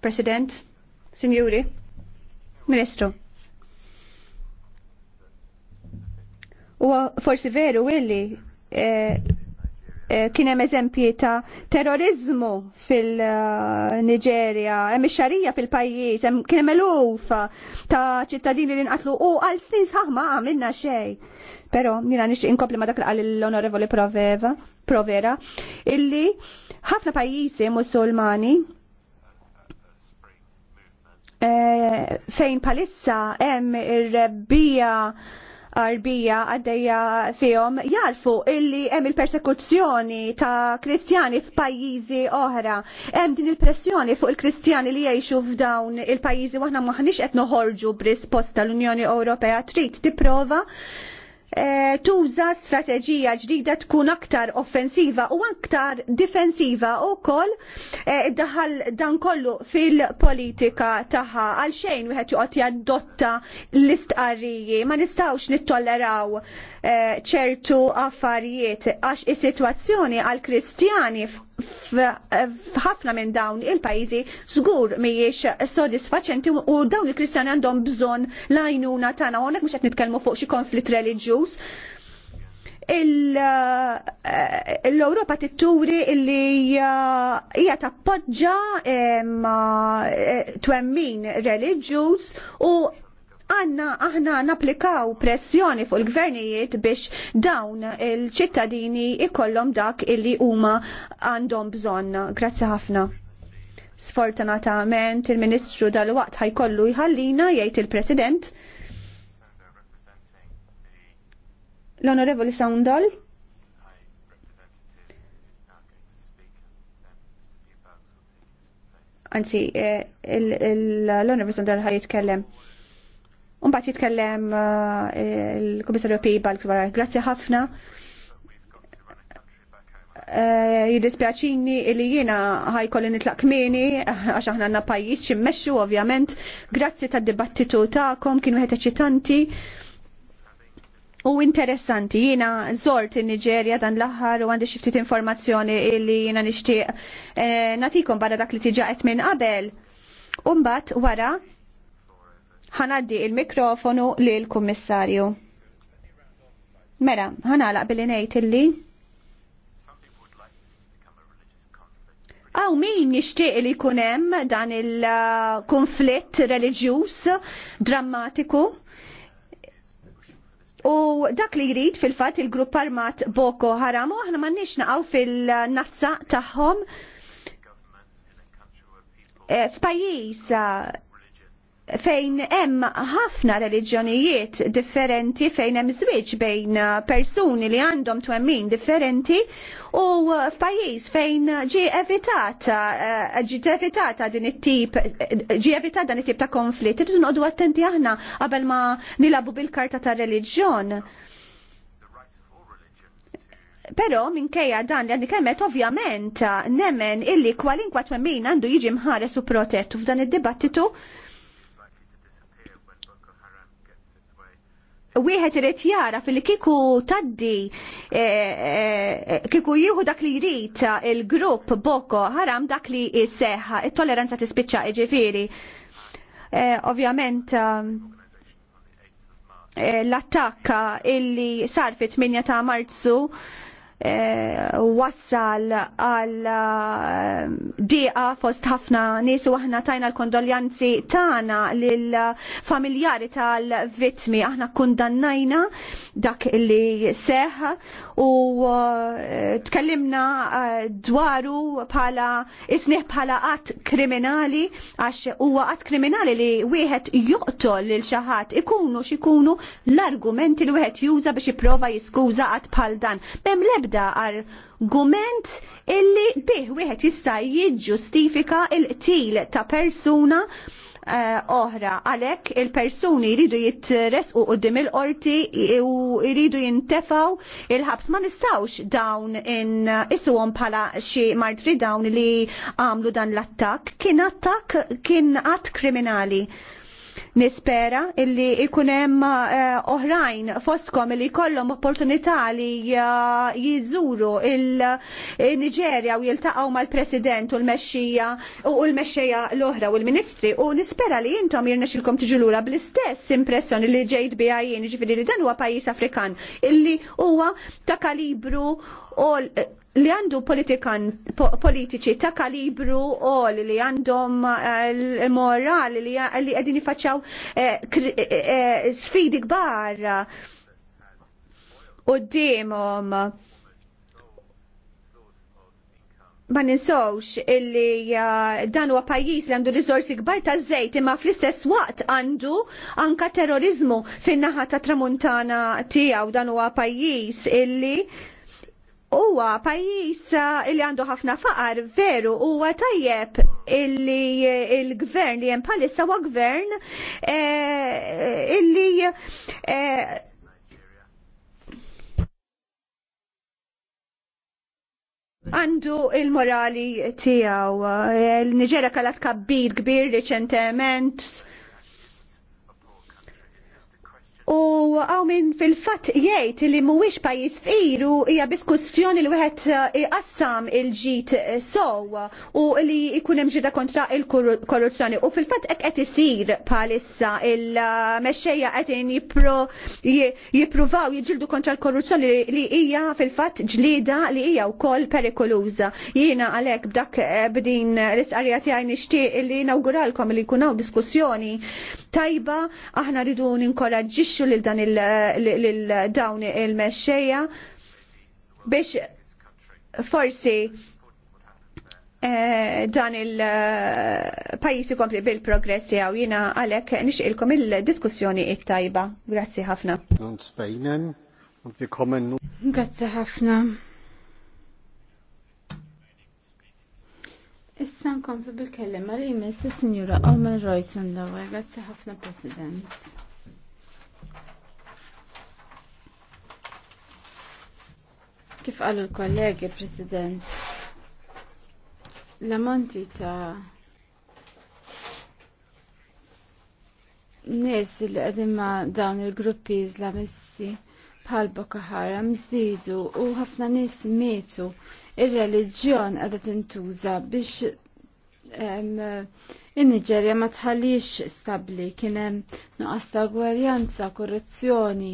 [SPEAKER 2] President, Sinjuri, Ministru. U forsi veru illi eh, eh, kien hemm eżempji ta' terrorizmu fil nigeria hemm ix-xarija fil-pajjiż, kienem kien hemm eluf ta' ċittadini li nqatlu u għal snin sħaħ ma għamilna xejn. Pero jina nix inkompli ma dak li l-onorevoli provera illi ħafna pajjiżi musulmani eh, fejn palissa hemm ir-rebbija arbija għaddeja fihom jarfu illi hemm il-persekuzzjoni ta' kristjani f'pajjiżi oħra. Hemm din il-pressjoni fuq il-kristjani li jgħixu f'dawn il-pajjiżi waħna maħniex qed noħorġu b'risposta l-Unjoni Ewropea trid tipprova E, tuża strateġija ġdida tkun aktar offensiva u aktar difensiva u koll e, daħal dan kollu fil-politika taħħa għal xejn wieħed joqgħod jadotta l-istqarriji ma nistgħux nittolleraw e, ċertu affarijiet għax is-sitwazzjoni għal Kristjani f'ħafna minn dawn il-pajjiżi żgur mhijiex sodisfaċenti u dawn il-Kristjani għandhom bżonn l-għajnuna tagħna hawnhekk mhux qed nitkellmu fuq xi konflitt reliġjuż. L-Europa titturi illi hija tappoġġa twemmin reliġjuż u għanna aħna naplikaw pressjoni fuq il-gvernijiet biex dawn il-ċittadini ikollhom dak illi huma għandhom bżonn. Grazzi ħafna. Sfortunatament il-Ministru dal-waqt ħajkollu jħallina jgħid il-President. L-Onorevoli Sandol? Anzi, eh, l-Onorevoli Saundol ħaj jitkellem. Unbat jitkellem uh, il-Komissarju P. Balksvara, grazzi ħafna. Eh, jidispjaċini li jiena ħajkolli nitlaq kmini, eh, għax aħna għandna pajjiż ximmexxu ovvjament. Grazzi tad-dibattitu tagħkom kienu ħed eċitanti. U interessanti, jina zort in nigeria dan l-aħħar u għandi xiftit informazzjoni illi jina nishtiq eh, natikom barra dak li tiġa minn qabel. Umbat wara ħanaddi il-mikrofonu lil kummissarju. Mela, ħanala billi ngħid illi Aw min nixtieq li jkun hemm dan il-konflitt religjus drammatiku? U dak li jrid fil fatt il-grupp armat Boko Haram u aħna m'għandniex naqgħu fil-nazza tagħhom eh, f'pajjiż fejn hemm ħafna reliġjonijiet differenti fejn hemm żwieġ bejn persuni li għandhom twemmin differenti u f'pajjiż fejn ġie evitata eh, ġi evitata din it-tip ġi evitata dan it-tip ta' konflitt irridu noqogħdu attenti aħna qabel ma nilabu bil-karta ta' reliġjon. Pero minkejja dan li kemmet ovvjament nemmen illi kwalinkwa twemmin għandu jiġi mħares u protett f'dan id-dibattitu wieħed irid jara fil kiku taddi eh, eh, eh, kiku jieħu dak li jrid il-grupp Boko Haram dak li jseħħa it-tolleranza tispiċċa jiġifieri. Ovvjament l-attakka illi sar fit-8 ta' Marzu Eh, wassal għal eh, diqa fost ħafna nisu aħna tajna l-kondoljanzi tagħna lill familjari tal-vittmi. Aħna kundannajna dak li seħ u eh, tkellimna dwaru bħala isniħ bħala qatt kriminali għax huwa qatt kriminali li wieħed joqtol lil xi ħadd ikunu x'ikunu l-argumenti li wieħed juża biex jipprova jiskuża qatt bħal dan. Bem lebda ebda argument illi bih wieħed jista' jiġġustifika il-qtil ta' persuna eh, oħra għalek il-persuni jridu jitresqu qudiem il-qorti u jridu jintefaw il-ħabs ma nistawx dawn in isuhom bħala xi martri dawn li għamlu dan l-attak kien attak kien att kriminali Nispera illi ikunem eh, oħrajn fostkom illi kollom opportunità li eh, jizzuru il-Nigeria eh, u jiltaqaw mal-President u l-Mexxija u l-Mexxija l-oħra u l-Ministri u nispera li jintom jirnexilkom tiġulura bl-istess impressjoni li ġejt bija jien ġifiri li dan huwa pajis Afrikan illi huwa ta' kalibru u li għandu politiċi ta' kalibru o li għandhom eh, morali li għedin ifaċċaw eh, eh, sfidi kbar u d ma ninsawx illi dan huwa pajjiż li għandu riżorsi kbar ta' żejt imma fl-istess waqt għandu anka terrorizmu fin-naħa ta' tramuntana tiegħu dan huwa pajjiż illi huwa pajjiż ah, li għandu ħafna faqar veru huwa tajjeb illi eh, il-gvern li hemm palissa wa gvern eh, illi eh, għandu il-morali tijaw. Il-Niġera kalat kabbir kbir reċentement għaw minn fil-fat jgħid li mhuwiex pajjiż firu u hija diskussjoni li wieħed eh, iqassam il-ġid eh, sow u li jkun hemm ġida kontra il-korruzzjoni u fil-fatt hekk qed isir bħalissa il-mexxejja qed jippruvaw jiġildu kontra l-korruzzjoni li hija fil-fatt ġlieda li hija wkoll perikoluża. Jiena għalhekk b'dak eh, b'din l-isqarja tiegħi nixtieq li nawguralkom li jkun hawn diskussjoni tajba aħna rridu ninkoraġġixxu lil dan il dawni il mesċeja biex forsi eh, dan il eh, pajisi kompli bil-progress tiegħu jiena għalhekk nixqilkom il-diskussjoni it-tajba. Grazzi ħafna.
[SPEAKER 3] Grazzi ħafna. Issa nkomplu bil-kellem għal-imis, Signora Omer Reutenlower, grazzi ħafna President. Kif qalu l-kollegi, President, l amonti ta' nies li għedimma dawn il-gruppi Islamisti bħal Boko Haram zidu u ħafna nies mietu. Ir-reliġjon qiegħda tintuża biex in-Niġerja ma tħallix stabbli kien hemm nuqqas ta' gwerjanza, korruzzjoni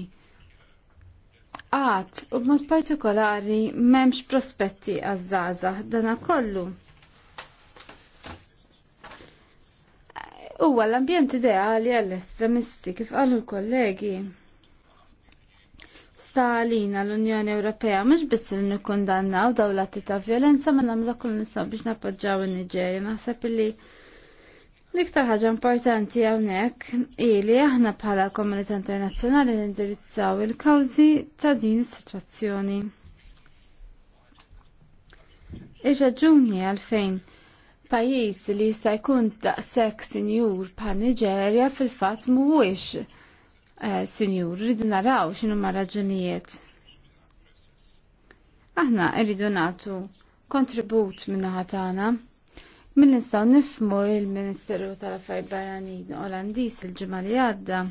[SPEAKER 3] għat u b'mod partikolari memx prospetti għazzaza dana kollu. Uwa l-ambjent ideali għall-estremisti kif għallu l-kollegi. Stalina l-Unjoni Ewropea mhux biss li nikkundannaw dawlati ta' violenza ma nagħmlu kull nisaw biex nappoġġaw in-Niġerja naħseb li L-iktar ħaġa importanti hawnhekk ili li aħna bħala komunità internazzjonali nindirizzaw il-kawżi ta' din is-sitwazzjoni. Ir-raġuni għalfejn pajjiż li jista' jkun daqshekk sinjur pa' Nigeria fil-fatt mhuwiex eh, sinjur, rridu naraw x'inhu ma' raġunijiet. Aħna rridu nagħtu kontribut minna ħatana. Min nistaw nifmu il-Ministeru tal affaj Barranin Olandis il ġimgħa li għadda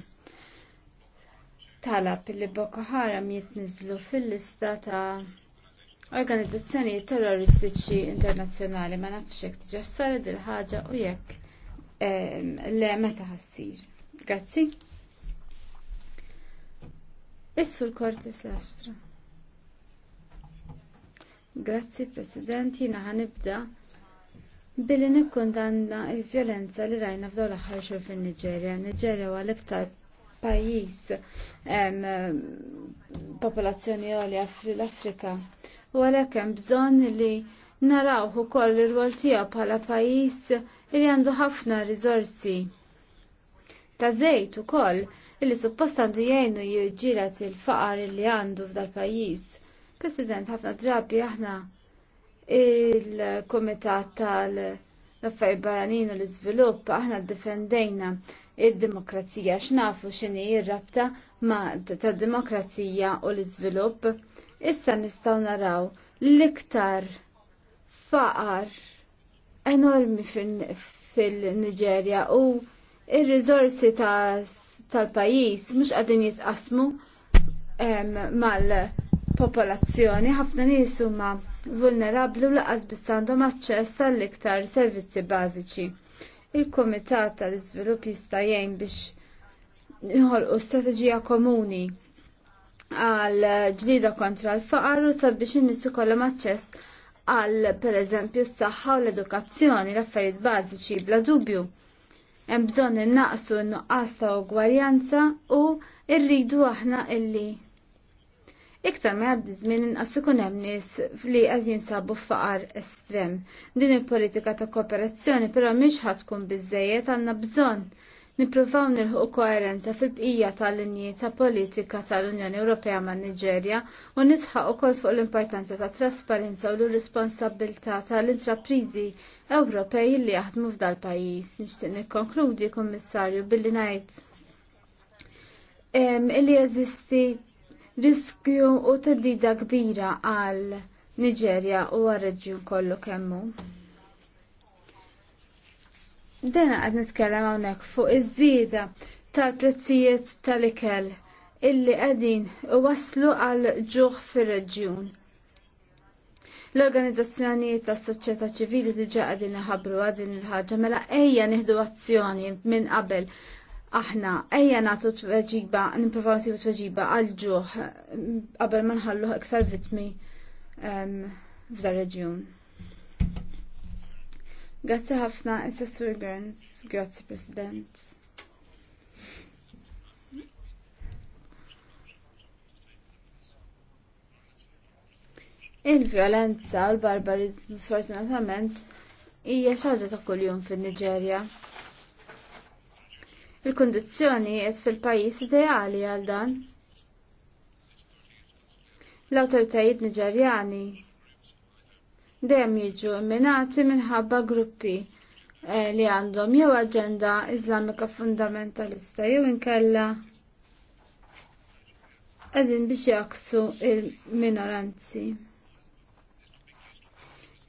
[SPEAKER 3] talab li Boko Haram jitnizlu fil-lista ta' organizzazzjoni terroristiċi internazzjonali ma nafx hekk diġà sarid il-ħaġa u jekk ehm, le meta ħassir. Grazzi. Issu l korti l Grazzi, President, jina ħanibda billi nikkundanna il-vjolenza li rajna f'dawn l-aħħar xhur fin-Niġerja. Niġerja huwa l-iktar pajjiż popolazzjoni għolja fl-Afrika. U għalhekk hemm bżonn li narawh ukoll ir-rwol tiegħu bħala pajjiż li għandu ħafna riżorsi ta' żejt ukoll illi suppost għandu jgħinu jiġġieled il-faqar li għandu f'dal pajjiż. President, ħafna drabi aħna il-Komitat tal-Affarijiet Barranin u l-Iżvilupp aħna defendejna id-demokrazija x'nafu x'inhi r-rabta ma' tad-demokrazija u l-iżvilupp. Issa nistgħu naraw l-iktar faqar enormi fil-Niġerja u il-rizorsi tal-pajjiż mhux għadin jitqasmu mal-popolazzjoni ħafna nies huma vulnerabli laqas biss għandhom aċċess għall-iktar servizzi bażiċi. Il-Kumitat tal-Iżvilupp jista' jgħin biex nħolqu strateġija komuni għal ġlida kontra l-faqar u sabiex in-nies ikollhom aċċess għal pereżempju s-saħħa u l-edukazzjoni l-affarijiet bażiċi bla dubju. Hemm bżonn innaqsu n-nuqqas ta' ugwaljanza u rridu aħna illi Iktar ma għaddi żmien inqas ikun hemm nies li qed jinsabu f'faqar estrem. Din il-politika ta' kooperazzjoni però mhix ħadd tkun biżejjed għandna bżonn nippruvaw nilħu koerenza fil-bqija tal-linji ta' politika tal-Unjoni Ewropea ma' Niġerja u nisħaq ukoll fuq l-importanza ta' trasparenza u l-responsabilità tal-intraprizi Ewropej li jaħdmu f'dal pajjiż. Nixtieq nikkonkludi, Kummissarju, billi ngħid illi jeżisti riskju u teddida kbira għal Niġerja u għal-reġjun kollu kemmu. Dena għad nitkellem hawnhekk fuq iż-żieda tal-prezzijiet tal-ikel illi qegħdin waslu għal ġuħ fir-reġjun. L-organizzazzjonijiet tas soċjetà ċivili diġà qegħdin iħabbru għadin il-ħaġa mela ejja nieħdu azzjoni minn qabel aħna ejja nagħtu tweġiba, nippruvaw nsibu tweġiba għal ġuħ qabel ma nħalluh iktar vitmi f'da reġjun. Grazzi ħafna, Assessor Gerns, grazzi President. Il-violenza u l-barbarizmu sfortunatament hija xaġa ta' kuljum fin-Niġerja. Il-kondizzjoni qed fil-pajjiż ideali għal dan. L-awtoritajiet Niġerjani dejjem jiġu imminati minħabba gruppi eh, li għandhom jew aġenda Iżlamika fundamentalista jew inkella qegħdin biex jaqsu il-minoranzi.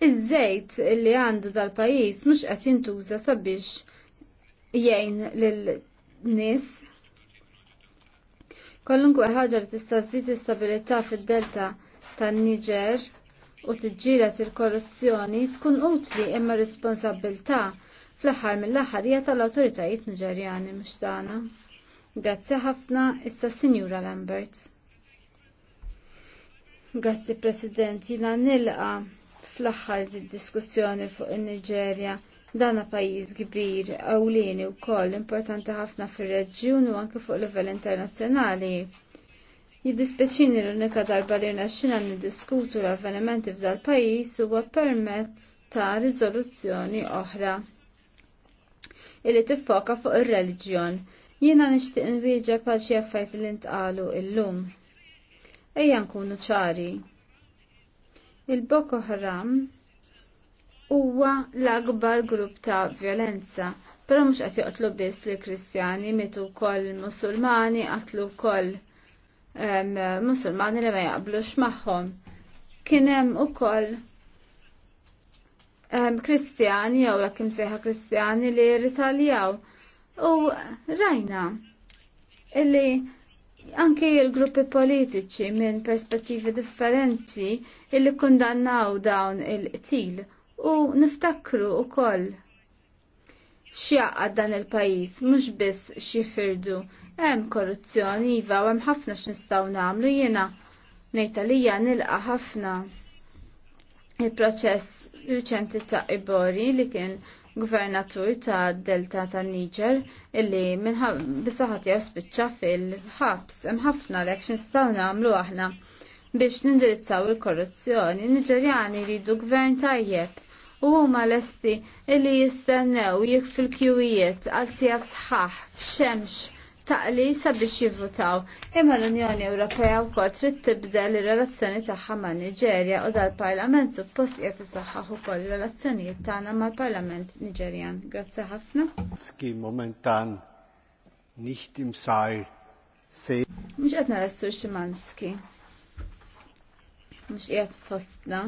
[SPEAKER 3] Iż-żejt li għandu dal-pajjiż mhux qed jintuża sabiex jgħin lil nis kollunkwe ħaġa li tista' żżid istabilità fid-delta tan-Niġer u tiġġielet il-korruzzjoni tkun utli imma responsabilità fl-aħħar mill-aħħar hija tal-awtoritajiet Niġerjani mhux tagħna. Grazzi ħafna issa Sinjura Lambert. Grazzi President, jina nilqa fl-aħħar diskussjoni fuq in-Niġerja Dana pajjiż kbir ewlieni wkoll importanti ħafna fir-reġjun u anke fuq livell internazzjonali. Jiddispeċini l-unika darba li rnexxina niddiskutu l-avvenimenti f'dal pajjiż huwa permezz ta' riżoluzzjoni oħra illi tiffoka fuq ir-reliġjon. Jiena nixtieq nwieġa paċi għaffajt l li ntqalu illum. Ejja nkunu ċari. Il-Boko Haram huwa l-akbar grupp ta' violenza, però mhux qed joqtlu biss li kristjani mitu wkoll musulmani qatlu wkoll musulmani li ma jaqblux magħhom. Kien hemm ukoll kristjani jew l imsejħa kristjani li ritaljaw. U rajna illi anke il-gruppi politiċi minn perspettivi differenti illi kundannaw dawn il-qtil u niftakru wkoll x'jaqgħad dan il-pajjiż mhux biss xi firdu hemm korruzzjoni iva u hemm ħafna x'nistgħu nagħmlu jiena ngħid għalija nilqa' ħafna il-proċess riċenti ta' Ibori li kien gvernatur ta' Delta ta' Niger illi minn bisaħat jaspicċa fil-ħabs hemm ħafna lek x'nistgħu nagħmlu aħna biex nindirizzaw il-korruzzjoni. Niġerjani jridu gvern tajjeb u huma lesti illi jistennew jekk fil-kjuwijiet għal sigħat sħaħ f'xemx taqli sabiex jivvutaw. Imma l-Unjoni Ewropea wkoll trid tibdel ir-relazzjoni tagħha ma' Niġerja u dal-Parlament suppost qed isaħħaħ ukoll ir-relazzjonijiet tagħna mal-Parlament Niġerjan. Grazzi ħafna. Ski momentan nicht im Saal se. Mhux qed nara Ximanski. Mhux qiegħed fostna.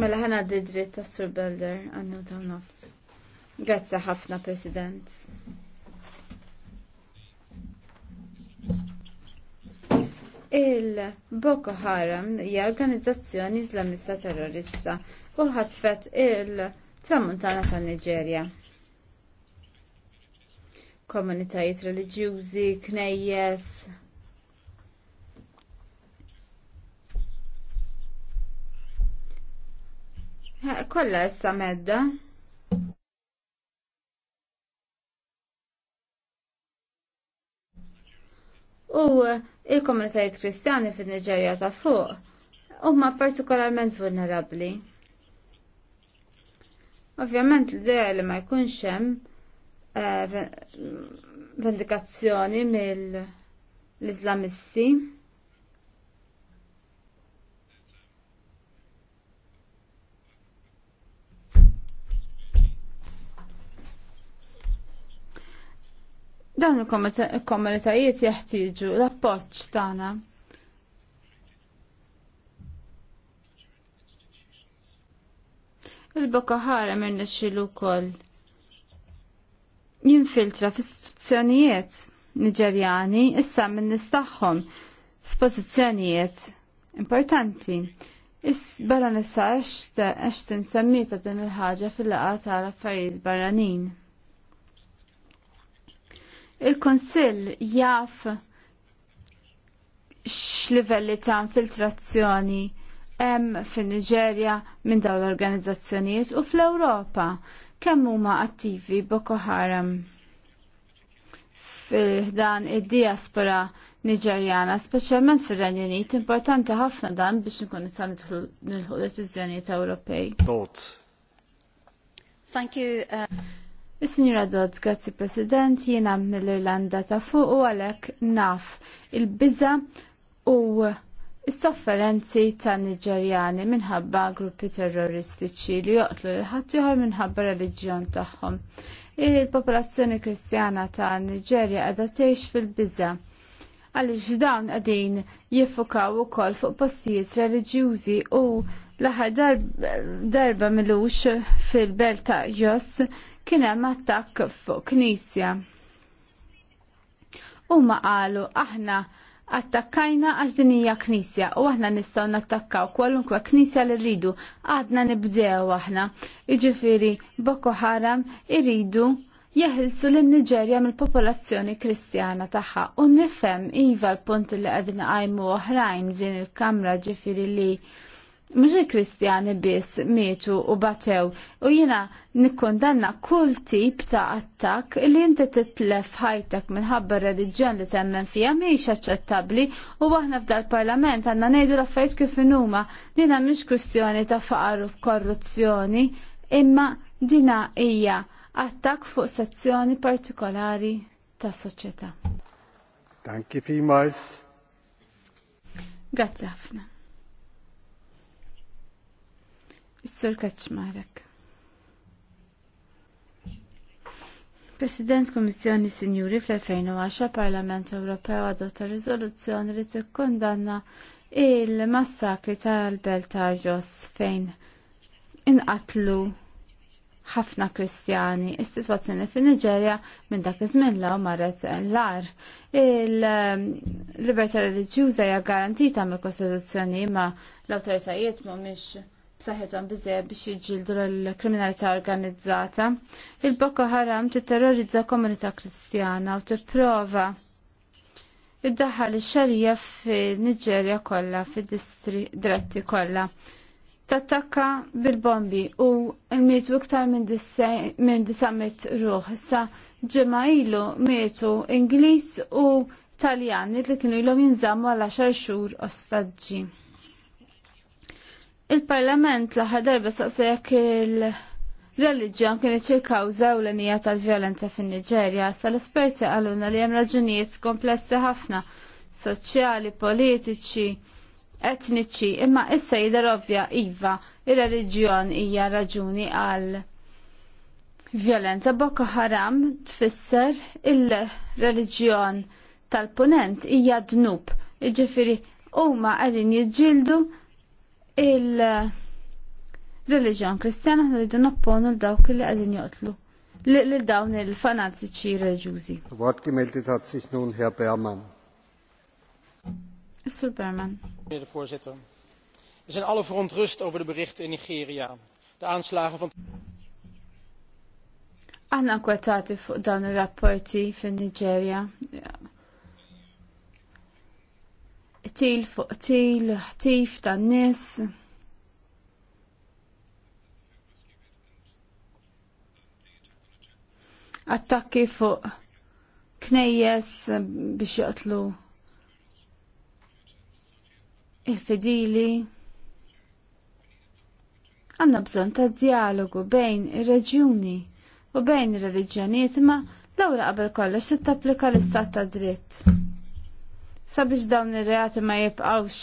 [SPEAKER 3] Mela ħana didri ta' Sur Belder għannu ta' nofs. Grazzi ħafna, President. Il-Boko Haram hija organizzazzjoni Islamista terrorista u ħatfet il-Tramuntana ta' Niġerja. Komunitajiet reliġjużi, knejjes, Kolla issa medda. U il-komunitajiet kristjani fin niġerja ta' fuq huma partikolarment vulnerabbli. Ovvjament l-idea li ma jkunx hemm eh, vendikazzjoni mill iżlamisti Dawn il-komunitajiet jeħtieġu l-appoġġ tagħna. Il-Boko Haram irnexxielu wkoll jinfiltra f'istituzzjonijiet Niġerjani issa minn nistaħħom f'pożizzjonijiet importanti. Is barra nissa eċt nsemmieta din il ħaġa fil laqgħa tal-affarijiet barranin. Il-Konsill jaf x'livelli ta' infiltrazzjoni hemm fin-Niġerja minn dawn l-organizzazzjonijiet u fl-Ewropa kemm huma attivi Boko Haram fil-dan id-diaspora Niġerjana, speċjalment fir-Renju Unit, importanti ħafna dan biex nkunu nidħlu nilħu deċiżjonijiet Ewropej. Thank you. Uh... Is-Sinjura Dodds, grazzi President, jiena mill-Irlanda ta' fuq u għalhekk naf il biza u Is-sofferenzi ta' Niġerjani minħabba gruppi terroristiċi li joqtlu l ħadd ieħor minħabba reliġjon tagħhom. Il-popolazzjoni Kristjana ta' Niġerja qiegħda tgħix fil-biża' għaliex dawn qegħdin jiffukaw ukoll fuq postijiet reliġjużi u l-aħħar darba milux fil-belt ta' Jos kien hemm attakk fuq knisja. Huma qalu aħna attakkajna għax din hija knisja u aħna nistgħu nattakkaw kwalunkwe knisja li rridu għadna nibdew aħna. Jiġifieri Boko Haram iridu jeħilsu l niġerja mill-popolazzjoni kristjana tagħha u nifhem iva l-punt li qegħdin qajmu oħrajn din il-kamra ġifieri li mhux kristjani biss mietu u batew u jiena nikkondanna kull tip ta' attak li inti titlef ħajtek minħabba religjon li temmen fija mhijiex aċċettabbli u aħna f'dal-Parlament għandna ngħidu l kif numa dina mhix kwistjoni ta' faqar u korruzzjoni imma dina hija attak fuq sezzjoni partikolari tas soċjetà. fi vielmals. Grazie ħafna. Is-Sur Kaċmarek. President Kummissjoni Sinjuri fl-2010 Parlament Ewropew adotta riżoluzzjoni li tikkundanna il-massakri tal-Belt ta' Ġos fejn inqatlu ħafna kristjani. Is-sitwazzjoni fin-Niġerja minn dak iż-żmien law marret l-ar. Il-libertà reliġjuża hija garantita mill-Kostituzzjoni ma l-awtoritajiet mhumiex b'saħħithom biżejjed biex jiġġieldu l-kriminalità organizzata. Il-Boko Haram titterrorizza komunità Kristjana u tipprova iddaħħal ix-xarija fin-Niġerja kollha fid-distri kollha. Tattakka bil-bombi u mietu iktar minn disamit ruħ. Sa ġimgħa ilu mietu Ingliż u Taljani li kienu ilhom jinżammu għal 10 xhur ostaġġi. Il-Parlament l-aħħar darba saqsa jekk il-reliġjon kien il-kawża u l-nija tal-vjolenza fin-Niġerja, sal-esperti għaluna li hemm raġunijiet komplessi ħafna soċjali, politiċi, etniċi, imma issa jidher ovvja iva ir-reliġjon hija raġuni għal vjolenza Boko Haram tfisser il-reliġjon tal-punent hija dnub, jiġifieri huma qegħdin jiġġieldu il-reliġjon kristjana rridu nopponu l-dawk li qegħdin joqtlu lil dawn il-fanatiċi reliġjużi.
[SPEAKER 1] Wort gemeldet hat sich nun Herr Berman.
[SPEAKER 3] Sur Berman. Meneer de
[SPEAKER 2] voorzitter. We
[SPEAKER 3] zijn alle verontrust
[SPEAKER 2] over de berichten in Nigeria. De aanslagen van
[SPEAKER 3] Aħna kwetati fuq dawn ir-rapporti fin Nigeria til fuq til, ħtif tan nies. Attakki fuq knejjes biex joqtlu il-fedili. Għanna bżon ta' dialogu bejn ir-reġjuni u bejn ir-reliġjonijiet ma' l-ewra qabel kollox tapplika l-istat ta' dritt sabiex dawn ir-reati ma jibqawx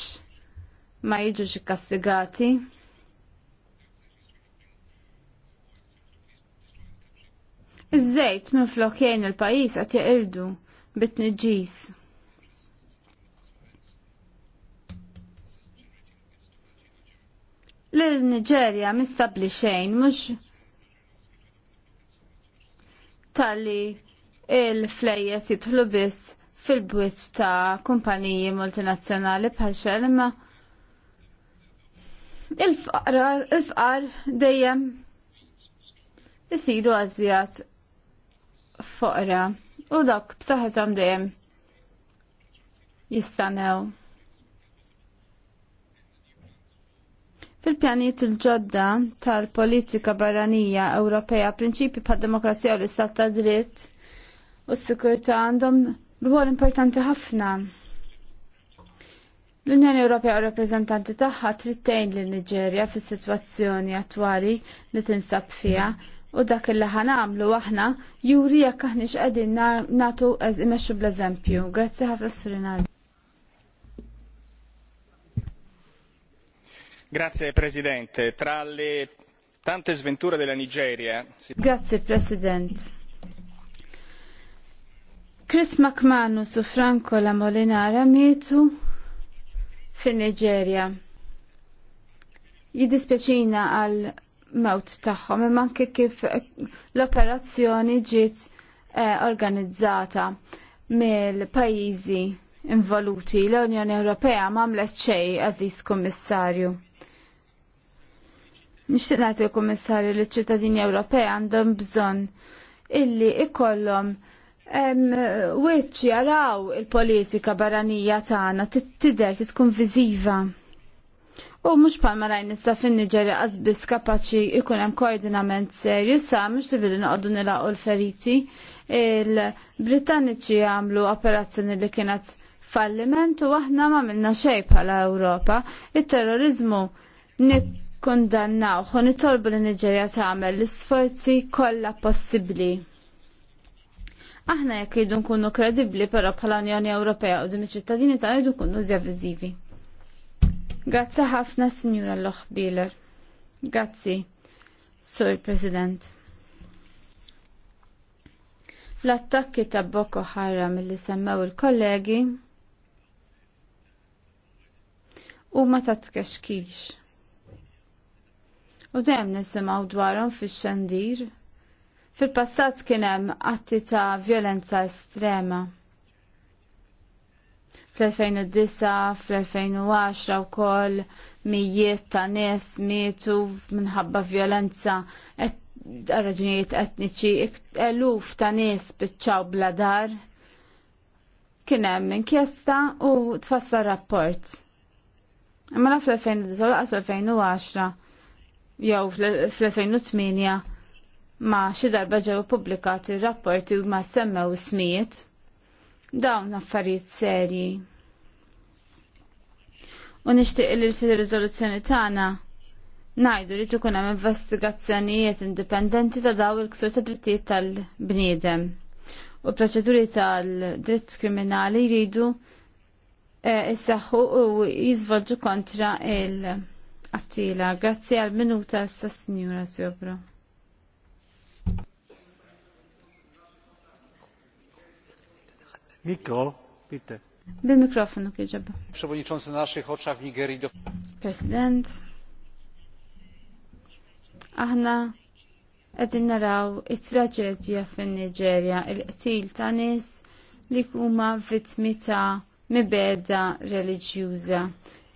[SPEAKER 3] ma jiġux ikkastigati. Iż-żejt minn flokjen il-pajis qed jeqirdu bit nġis L-Niġerja mistabli xejn mhux talli il-flejjes jidħlu biss fil bwiet ta' kumpaniji multinazzjonali bħal xell imma il-fqar dejjem isiru għażjat fuqra u dak b'saħħithom dejjem jistanew. Fil-pjaniet il-ġodda tal-politika barranija Ewropea prinċipi bħad demokrazija u l-istat ta' dritt u s-sikurta għandhom rwol importanti ħafna. L-Unjoni Ewropea u rappreżentanti tagħha trid tgħin lin niġerja fis-sitwazzjoni attwali li tinsab fiha u dak li nagħmlu aħna juri jekk aħniex qegħdin nagħtu imexxu bl-eżempju. Grazzi ħafna Surinal.
[SPEAKER 1] Grazie Presidente. Tra le tante sventure della Nigeria. Si...
[SPEAKER 3] Grazie Presidente Chris McManus u Franco la Molinara mietu fin-Niġerja. Jiddispjaċina għal mewt tagħhom imma anke kif l-operazzjoni ġiet eh, organizzata mill-pajjiżi involuti l-Unjoni Ewropea m'għamlet ċej għaziz Kummissarju. Nixtieq nagħti l-Kummissarju li ċittadini Ewropea għandhom bżonn illi ikollhom wiċċ jaraw il-politika barranija tagħna tidher titkun viżiva. U mhux bħalma rajn issa fin-Niġerja qasbis kapaċi jkun hemm koordinament serju sa mhux tibili noqogħdu nilaqgħu l-feriti. Il-Britanniċi għamlu operazzjoni li kienet falliment u aħna ma minna xejn bħala Ewropa. Il-terrorizmu nikkondannaw u nitolbu li Niġerja tagħmel l-isforzi kollha possibbli Aħna jekk jridu nkunu kredibbli però bħala Unjoni Ewropea u dim iċ-ċittadini tagħna jridu nkunu żja viżivi. Grazzi ħafna Sinjura Loħbieler. Grazzi, Sur President. L-attakki ta' Boko Haram li semmew il-kollegi u ma ta' tkexkix. U dejjem nisimgħu dwarhom fix-xandir Fil-passat kien hemm atti ta' violenza estrema. Fl-2009, fl-2010 wkoll mijiet ta' nies mietu minħabba violenza raġunijiet etniċi, eluf ta' nies bitċaw bla dar. Kien hemm inkjesta u tfassar rapport. Imma fl-2010 fl-2010 jew fl-2008 ma xi darba ġew pubblikati rapporti u ma semmew ismijiet dawn affarijiet serji. U nixtieq li fil-riżoluzzjoni tagħna ngħidu li tkun hemm investigazzjonijiet indipendenti ta' daw il-ksur ta' drittijiet tal-bniedem. U proċeduri tal-dritt kriminali jridu jissaħħu e, u jizvolġu kontra il-qattila. Grazzi għal minuta sa' sinjura Sjobro.
[SPEAKER 1] Mikro, Przewodniczący na naszych oczach w Nigerii do...
[SPEAKER 3] Prezydent. Aħna qegħdin naraw it-traġedja fin-Niġerja, il-qtil ta' nies li huma vittmi ta' mibeda reliġjuża,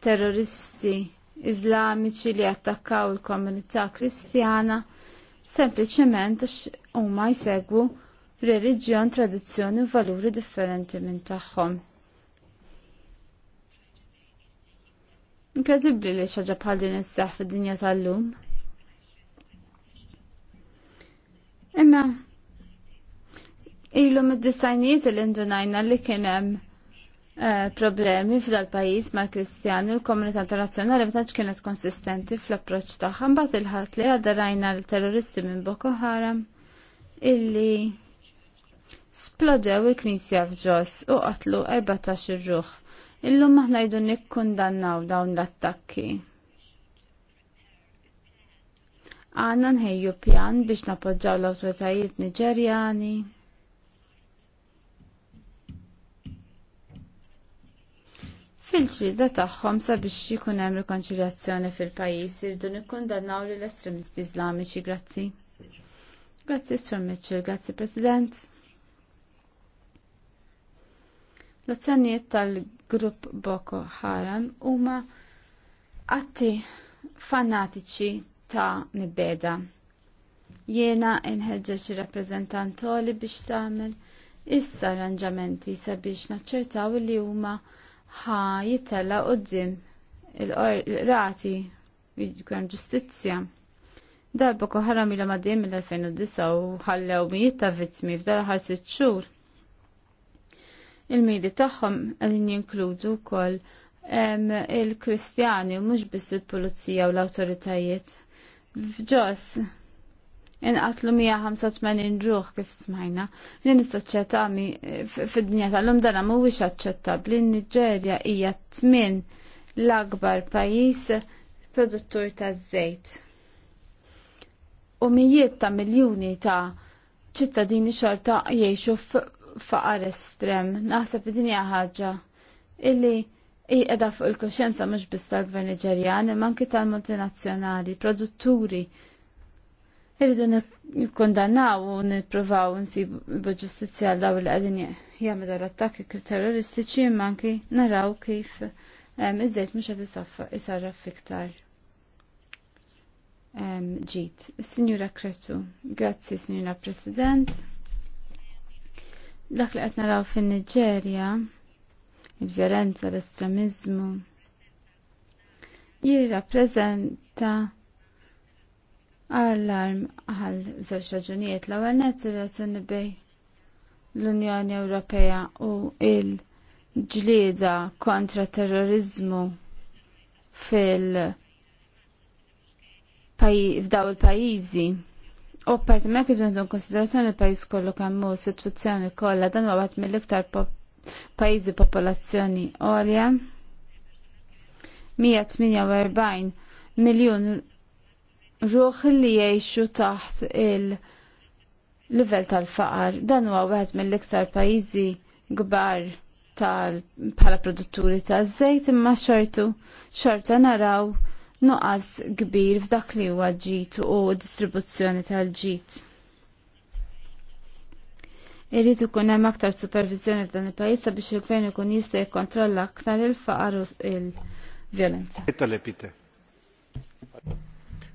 [SPEAKER 3] terroristi iżlamiċi li attakkaw il-komunità kristjana sempliċement huma jsegwu reliġjon, tradizzjoni u valuri differenti minn tagħhom. Inkredibbli li ħaġa bħal din isseħ fid-dinja tal-lum. Imma ilhom id disajnijiet li ndunajna li kien hemm eh, problemi f'dal pajjiż mal kristjani u l-komunità internazzjonali ma tantx kienet konsistenti fl-approċċ tagħha mbagħad il-ħadd li għadda rajna l-terroristi minn Boko Haram illi splodew il-Knisja f'Ġos u qatlu 14 ruħ. Illum maħna jdu nikkundannaw dawn l-attakki. Għanna nħejju pjan biex napoġġaw l-autoritajiet Niġerjani. Fil-ġlida tagħhom sabiex jikun hemm rikonċiljazzjoni fil-pajjiż irdu nikkundannaw lill estremisti Iżlamiċi grazzi. Grazzi Sur Mitchell, grazzi President. L-azzjonijiet tal-grupp Boko Haram huma atti fanatiċi ta' mibeda. Jiena inħeġġeġ ir-rappreżentantoli biex tagħmel issa arranġamenti sabiex naċċertaw li huma ħa jitella qudiem il-rati ġustizja. ġustizzja. Boko haram il maddim il 2009 u ħallew mijiet ta' vittmi f'dal ħarsit sitt xhur il-midi tagħhom qegħdin jinkludu wkoll il-Kristjani u mhux biss il-Pulizija u l-awtoritajiet. F'ġos inqatlu 185 ruħ kif smajna. Din is-soċjetà fid-dinja tal-lum dan mhuwiex aċċettabbli. Niġġerja hija tmien l-akbar pajjiż produttur taż-żejt u mijiet ta' miljuni ta' ċittadini xorta jiexu faqar estrem. Naħseb id dinja ħaġa illi qiegħda fuq il-koxjenza mhux biss tal-gvern Niġerjan imma anke tal-multinazzjonali, produtturi. Irridu nikkondannaw u nippruvaw nsibu ġustizzja għal daw li qegħdin jagħmlu dawn l-attakki terroristiċi imma anke naraw kif iż-żejt mhux qed isarraf fiktar. Ġit, Signora Kretu, grazzi Signora President. Dak li qed naraw fin-Niġerja, il-vjolenza, l-estremizmu, jirrappreżenta allarm għal żewġ raġunijiet l-ewwel nett ir-razzjoni bej l-Unjoni Ewropea u il-ġlieda kontra terrorizmu fil- f'daw il-pajjiżi. U parti mek iġendu konsiderazzjoni il-pajis kollu kammu situazzjoni kollha dan huwa waħed mill-iktar pajjiżi popolazzjoni għolja. 148 miljun ruħ li jgħixu taħt il-livell tal-faqar. Dan huwa wieħed mill-iktar pajjiżi kbar tal bħala produtturi taż żejt imma xortu xorta naraw nuqqas kbir f'dak li huwa ġit u distribuzzjoni tal-ġit. Irrid ikun hemm aktar supervizjoni f'dan il-pajjiż sabiex il-gvern ikun jista' jikkontrolla aktar il-faqar il vjolenza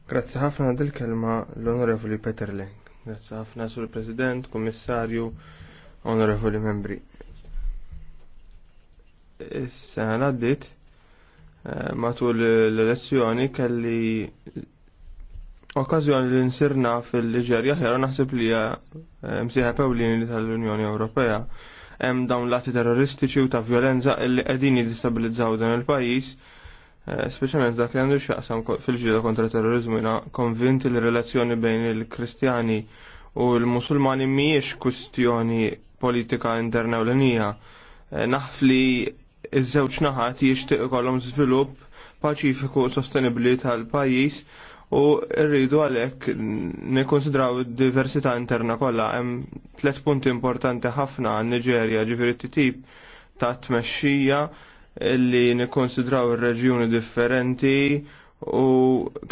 [SPEAKER 1] Grazzi ħafna dil-kelma l-Onorevoli Peter Leng. Grazzi ħafna sur President, Kummissarju, Onorevoli Membri. Issa għaddit Eh, matul l-elezzjoni kelli okkazjoni li nsirna fil liġerja ħera naħseb li eh, msieħa Pewlini tal-Unjoni Ewropea hemm dawn lati terroristiċi u ta' violenza li qegħdin jiddistabilizzaw dan il-pajjiż eh, speċjalment dak li għandu x'jaqsam fil-ġida kontra terrorizmu jiena konvinti li relazzjoni bejn il-Kristjani u l-Musulmani mhijiex kwistjoni politika interna u l-nija. Naħf li iż-żewġ naħat jixtieq ikollhom żvilupp paċifiku u sostenibbli tal-pajjiż u rridu għalhekk nikkonsidraw id-diversità interna kollha hemm tliet punti importanti ħafna għan Niġerja ġifieri tip ta' tmexxija li nikkonsidraw ir-reġjuni differenti u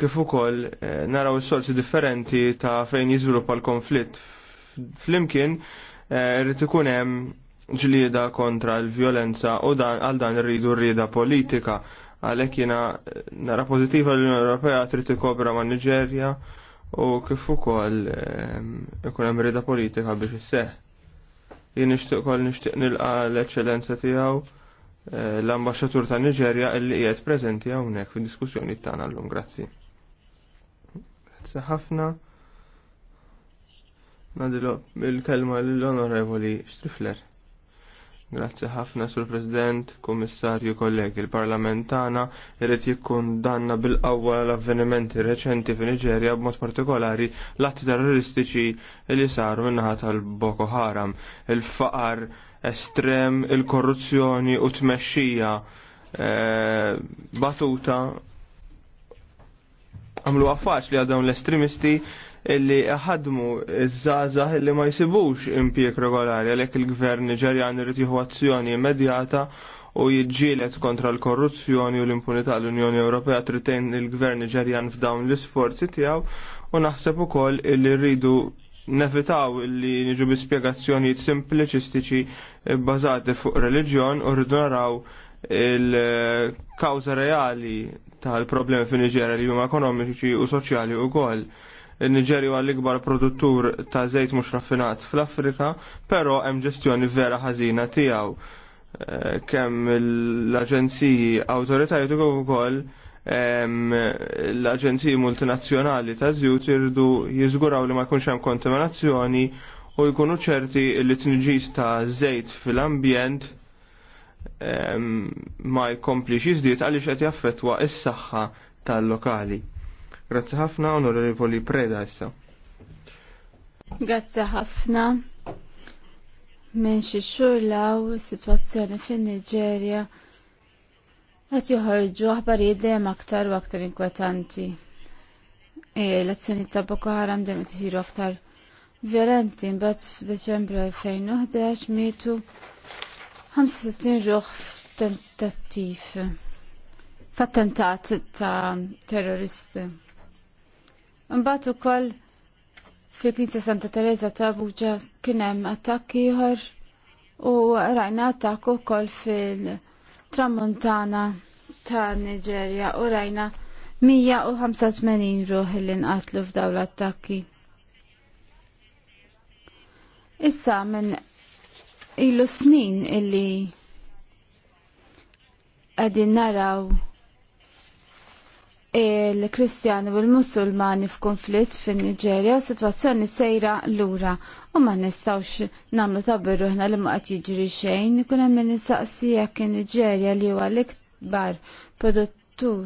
[SPEAKER 1] kif ukoll eh, naraw is-sorsi differenti ta' fejn jiżviluppa l-konflitt. Flimkien eh, rrid ikun hemm ġlieda kontra l-violenza u dan għal dan rridu rrieda politika għalhekk jiena nara pożittiva l-Unjoni Ewropea trid ikobra ma' Niġerja u kif ukoll ikun hemm rrieda politika biex isseħ. Jien nixtieq ukoll nixtieq nilqa l-eċċellenza tiegħu eh, l-ambaxxatur ta' Niġerja illi qiegħed preżenti hawnhekk fid-diskussjoni tagħna llum grazzi. Grazzi ħafna. Nadilo il-kelma l-Onorevoli Strifler. Grazzi ħafna sur President, Kummissarju, kollegi. Il-Parlament tagħna irid jikkundanna bil-qawwa l-avvenimenti reċenti fin Niġerja b'mod partikolari l-atti terroristiċi li saru minnaħa tal-Boko Haram, il-faqar estrem, il-korruzzjoni u tmexxija eh, batuta għamlu għaffaċ li għadhom l-estremisti illi ħadmu iż-żgħażagħ illi ma jsibux impjieg regolari għalhekk il-gvern Niġerjan irid jieħu azzjoni immedjata u jiġġielet kontra l-korruzzjoni u l-impunità l-Unjoni Ewropea tritejn il-gvern Niġerjan f'dawn l-isforzi tiegħu u naħseb ukoll illi rridu nevitaw li niġu bi spiegazzjonijiet simpliċistiċi bbażati fuq reliġjon u rridu naraw il-kawza reali tal-problemi fin niġera li huma ekonomiċi u soċjali u Nigeria niġerju l ikbar produttur ta' żejt mhux raffinat fl-Afrika, però hemm ġestjoni vera ħażina tiegħu. Eh, kemm l-aġenziji awtoritajiet ukoll l-aġenziji multinazzjonali ta' żjut irdu jiżguraw li ma jkunx hemm kontaminazzjoni u jkunu ċerti li tniġis ta' żejt fil-ambjent ma jkomplix jiżdied għaliex qed jaffettwa s-saħħa tal-lokali. Grazzi ħafna, onorevoli Preda issa.
[SPEAKER 3] Grazzi ħafna. Menxie xi xhur law is-sitwazzjoni fin-Niġerja qed joħorġu għabar dejjem aktar u aktar inkwetanti. E, l-azzjoni ta' Boko Haram dejjem qed isiru aktar violenti mbagħad f'Deċembru 2011 mietu 65 ruħ f'tentattiv f'attentat ta' terroristi. Mbagħad ukoll fil-Knisja Santa Teresa ta' Abuġa kien hemm attakk ieħor u rajna attakk ukoll fil-Tramuntana ta' Niġerja u rajna 185 ruħ li nqatlu f'dawn l-attakki. Issa minn ilu snin illi għadin naraw il-Kristjani u l-Musulmani f'konflitt fin niġerja u situazzjoni sejra lura u ma nistawx namlu sabir ruħna li ma qed jiġri xejn ikun hemm nistaqsi jekk in-Niġerja li huwa l-ikbar produttur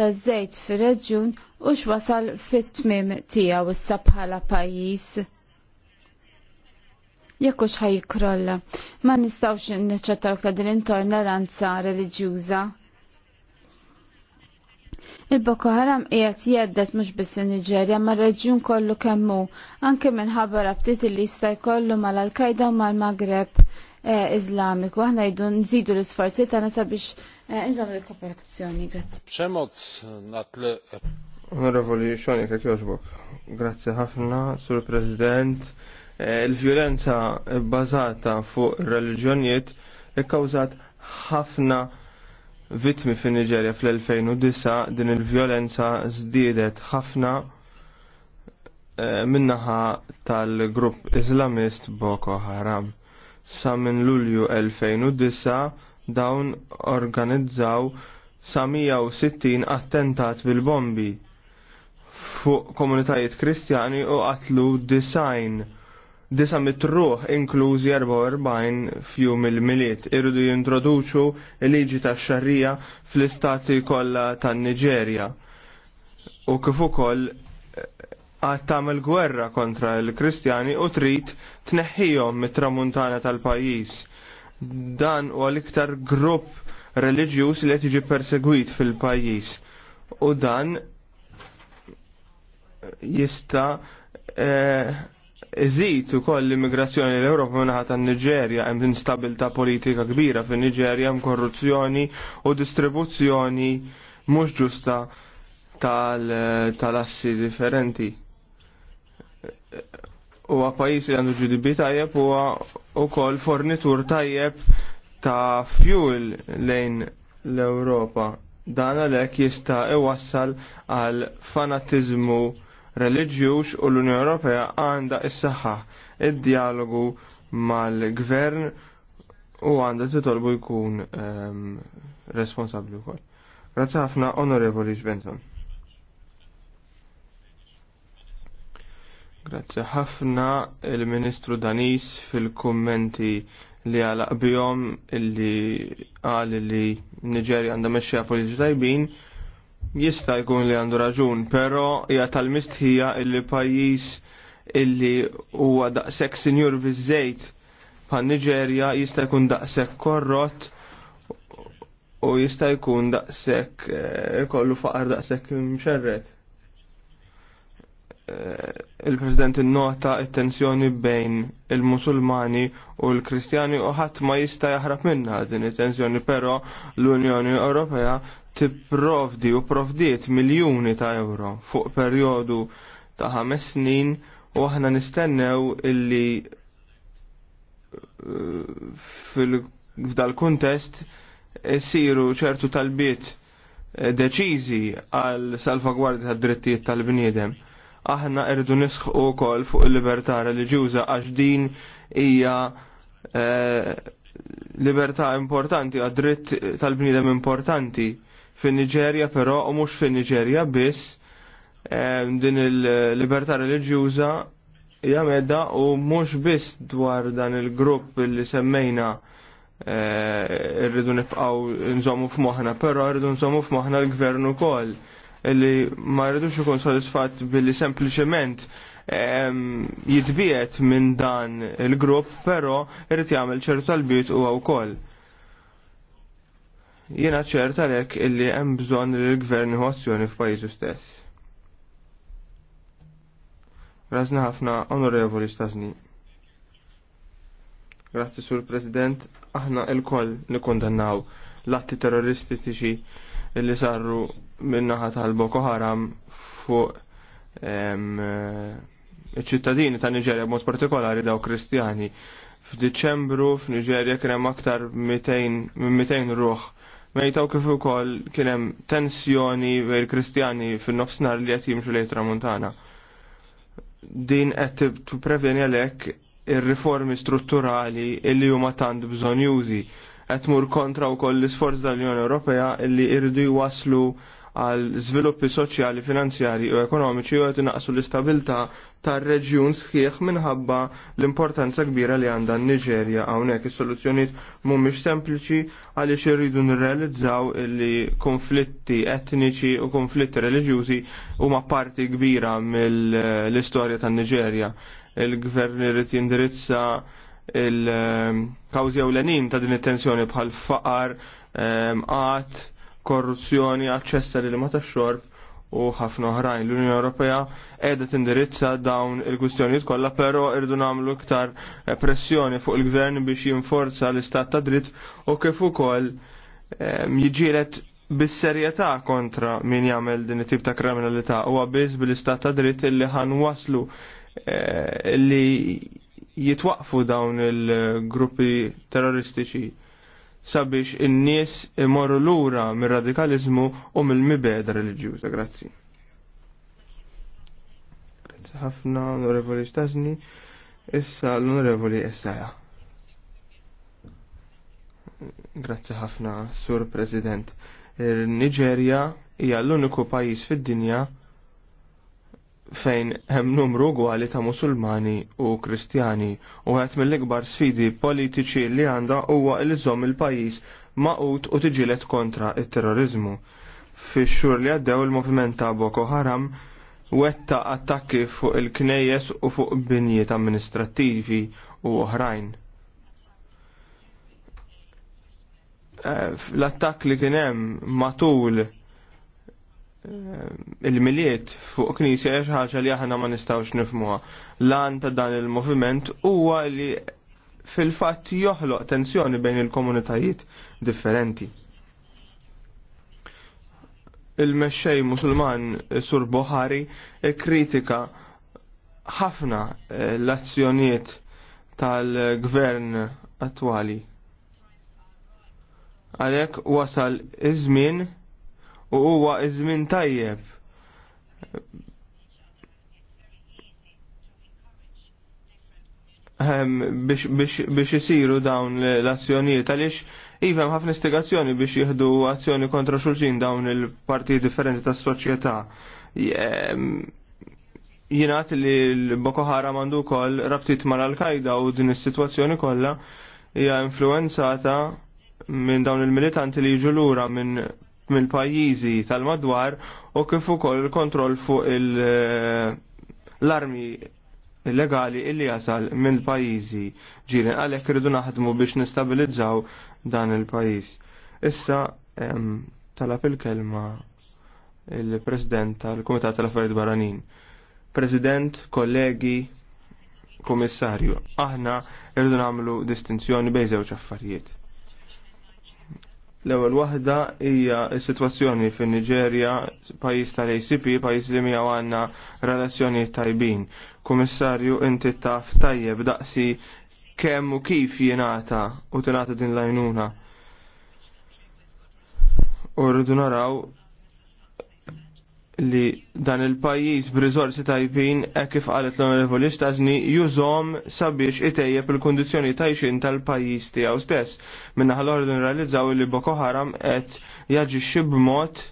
[SPEAKER 3] ta' żejt fir-reġjun u x'wasal fit-tmiem tiegħu issa bħala pajjiż jekk hux ħajkrolla. Ma nistgħux niċċettaw ta' din intolleranza reliġjuża Il-Boko Haram qiegħed jeddet mhux biss in-Niġerja ma' reġjun kollu kemmu anke minħabba rabtiet li jista' jkollu mal alkajda u mal-Magreb eh, Iżlamiku. Aħna jdu nżidu l-isforzi tagħna sabiex inżom eh, il-kooperazzjoni. Grazzi.
[SPEAKER 1] Przemoc natli. Onorevoli Xoni jogħġbok. grazzi ħafna, Sur President. Eh, Il-vjolenza bbażata fuq ir-reliġjonijiet ikkawżat ħafna vittmi fin niġerja fl-2009 din il-vjolenza żdiedet ħafna eh, minnaħa tal-grupp Islamist Boko Haram. Sa minn Lulju 2009 dawn organizzaw 160 attentat bil-bombi fuq komunitajiet kristjani u qatlu design disa mitruħ inklużi 44 fjum il-miliet irridu jintroduċu il-liġi ta' xarrija fl-istati kollha tan niġerja u kif ukoll eh, għad tagħmel gwerra kontra l-Kristjani u trid tneħħihom mit-tramuntana tal-pajjiż. Dan huwa l-iktar grupp reliġjuż li qed jiġi persegwit fil-pajjiż. U dan jista' eh, u ukoll l-immigrazzjoni l europa minnaħat tan niġerja hemm instabilta politika kbira fin niġerja hemm korruzzjoni u distribuzzjoni mhux ġusta tal-assi differenti. Huwa pajis li għandu GDP tajjeb huwa wkoll fornitur tajjeb ta' fuel lejn l-Ewropa. Dan għalhekk jista' iwassal għal fanatiżmu reliġjuż u l-Unjoni Ewropea għandha s-saħħa id-dialogu mal-gvern u għandha titolbu jkun responsabli ehm, responsabbli wkoll. Grazzi ħafna Onorevoli Benson. Grazzi ħafna il-Ministru Danis fil-kummenti li għalaq bihom li għal li Niġerja għandha mexxija politiċi tajbin Jista' jkun li għandu raġun, però hija tal-mistħija illi pajjiż illi huwa daqshekk sinjur biżejt żejt bħal Niġerja jista' jkun daqshekk korrott u jista' jkun daqshekk eh, kollu faqar daqshekk mxerret. Eh, Il-President innota it-tensjoni bejn il-Musulmani u l-Kristjani u ħadd ma jista' jaħrab minnha din it-tensjoni, però l-Unjoni Ewropea tipprovdi u provdiet miljuni ta' euro fuq perjodu ta' ħames snin u aħna nistennew illi uh, f'dal kuntest eh, siru ċertu talbiet eh, deċiżi għal salvagwardja tad drittijiet tal-bniedem. Aħna irdu nisħu wkoll fuq il-libertà reliġjuża għax din hija eh, libertà importanti, għad dritt tal-bniedem importanti fin-Niġerja però u mhux fin nigeria biss din il-libertà reliġjuża hija medda u mhux biss dwar dan il-grupp li semmejna eh, rridu nibqgħu nżommu f'moħħna, però rridu nżommu f'moħħna l-gvern ukoll li ma rridux ikun sodisfatt billi sempliċement jitbiet minn dan il-grupp, però irrid jagħmel ċertu tal-bit huwa wkoll. Jiena ċert għalhekk illi hemm bżonn li l-gvern azzjoni f'pajjiżu stess. Razna ħafna onorevoli stażni. Grazzi sur President, aħna il-koll nikondannaw l-atti terroristiċi li sarru minnaħat tal-Boko Haram fuq iċ-ċittadini ta' Niġerja b'mod partikolari daw Kristjani. F'Diċembru f'Niġerja kien hemm aktar minn 200 ruħ mejtaw kif ukoll kien hemm tensjoni bejn Kristjani fin-nofsinhar li qed jimxu lejn tramuntana. Din qed tippreveni għalhekk ir-riformi strutturali illi huma tant bżonn jużi qed mur kontra wkoll l-isforz tal-Unjoni Ewropea illi jridu jwaslu għal żviluppi soċjali, finanzjari u ekonomiċi u qed l istabilta tar-reġjun sħiħ minħabba l-importanza kbira li għandha n-Niġerja hawnhekk is-soluzzjonijiet mhumiex sempliċi għaliex irridu nirrealizzaw li konflitti etniċi u konflitti reliġjużi huma parti kbira mill-istorja tan-Niġerja. Il-gvern irid jindirizza il-kawżi ewlenin ta' din it-tensjoni bħal faqar, għat, korruzzjoni, aċċessa li ma tax-xorb u ħafna oħrajn. L-Unjoni Ewropea qiegħda tindirizza dawn il-kwistjonijiet kollha, però rridu nagħmlu iktar eh, pressjoni fuq il-gvern biex jinforza l-istat ta' dritt u kif ukoll eh, jiġielet bis-serjetà kontra min jagħmel din it-tip ta' kriminalità huwa biss bil-istat ta' dritt illi ħan waslu eh, li jitwaqfu dawn il-gruppi terroristiċi sabiex in-nies imorru lura mir-radikalizmu u mill-mibeda reliġjuża. Grazzi. Grazzi ħafna onorevoli Stasni. Issa l-onorevoli Essaja. Grazzi ħafna, Sur President. Il-Niġerja hija l-uniku pajjiż fid-dinja fejn hemm numru gwali ta' musulmani u kristjani u għet mill-ikbar sfidi politiċi li għanda huwa il iżomm il-pajis maqut u tiġilet kontra il-terrorizmu. Fix-xhur li għaddew il-moviment ta' Boko Haram wetta attakki fuq il-knejjes u fuq binjiet amministrattivi u oħrajn. Eh, l-attakk li kien hemm matul Eh, il-miliet fuq knisja għax ħaġa li aħna ma nistgħux nifmuha. Lan ta' dan il-moviment huwa li fil-fatt joħloq tensjoni bejn il-komunitajiet differenti. Il-mexxej Musulman eh, Sur Buhari kritika ħafna eh, l-azzjonijiet tal-gvern attwali. Għalhekk wasal iż-żmien u huwa iż-żmien tajjeb. biex isiru dawn l-azzjonijiet għaliex iva ħafna istigazzjoni biex jieħdu azzjoni kontra xulxin dawn il-parti differenti tas soċjetà Jingħad li l-Boko Haram għandu wkoll rabtit mal al-Qaida u din is-sitwazzjoni kollha hija influenzata minn dawn il-militanti li jiġu lura minn mill-pajjiżi tal-madwar u kif ukoll il kontroll eh, fuq l-armi legali illi jasal mill pajjiżi ġirin għalhekk irridu naħdmu biex nistabilizzaw dan il-pajjiż. Issa talab il-kelma il-President tal-Kumitat tal-Affarijiet Barranin. President, kollegi, komissarju, aħna irridu nagħmlu distinzjoni bejn żewġ affarijiet L-ewwel waħda hija s-sitwazzjoni fin-Niġerja, pajjiż tal-ACP, pajjiż li miegħu għandna relazzjoni tajbin. Kummissarju, inti taf tajjeb daqsi kemm u kif jingħata u tingħata din l-għajnuna. U rridu naraw li dan il-pajjiż b'rizorsi tajbin hekk kif qalet l-Onorevoli stazni jużhom sabiex itejje il-kundizzjoni tajxin tal-pajjiż tiegħu stess. Minna għal ordin realizzaw li Boko Haram qed xib b'mod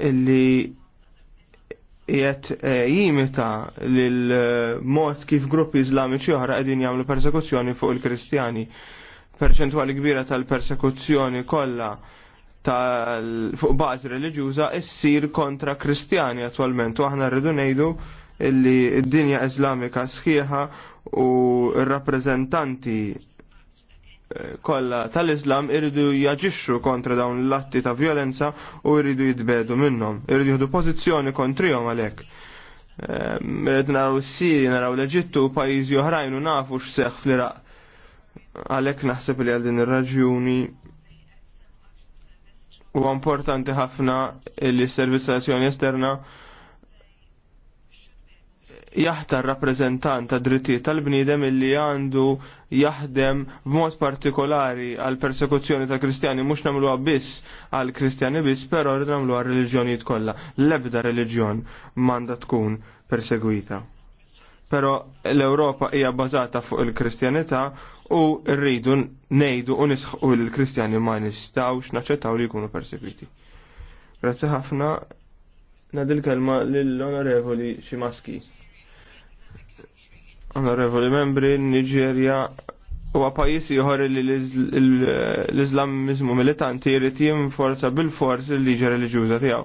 [SPEAKER 1] li jiet eh, jimita l-mod kif gruppi islamiċi oħra qegħdin jagħmlu persekuzzjoni fuq il-Kristjani. Perċentwali kbira tal-persekuzzjoni kollha tal fuq bażi reliġjuża issir kontra Kristjani attualment u aħna rridu ngħidu li d-dinja Iżlamika sħiħa u r-rappreżentanti eh, kollha tal-Islam iridu jaġixxu kontra dawn l-atti ta' violenza u jridu jitbedu minnhom, iridu jieħdu pożizzjoni kontrihom għalhekk. Eh, Rid naraw is siri naraw l-Eġittu u pajjiżi oħrajn u nafu x'seħħ fl-Iraq. Għalhekk naħseb li għal din ir-raġuni U importanti ħafna li s-servizzazzjoni esterna jaħtar rappresentant ta' drittijiet tal-bniedem illi għandu jaħdem b'mod partikolari għal persekuzzjoni ta' kristjani mhux nagħmluha biss għal kristjani biss, però rrid nagħmluha reliġjonijiet kollha. L-ebda reliġjon m'għandha tkun persegwita. Però l-Ewropa hija bazata fuq il-Kristjanità u rridu nejdu u nisħu l-Kristjani ma nistawx naċċettaw li jkunu persekuti. Grazzi ħafna nadil kelma lill-onorevoli Ximaski. Onorevoli membri, Nigeria huwa pajjiż ieħor li l-Iżlamizmu militanti jrid jinforza bil-fors il-liġi reliġjuża tiegħu.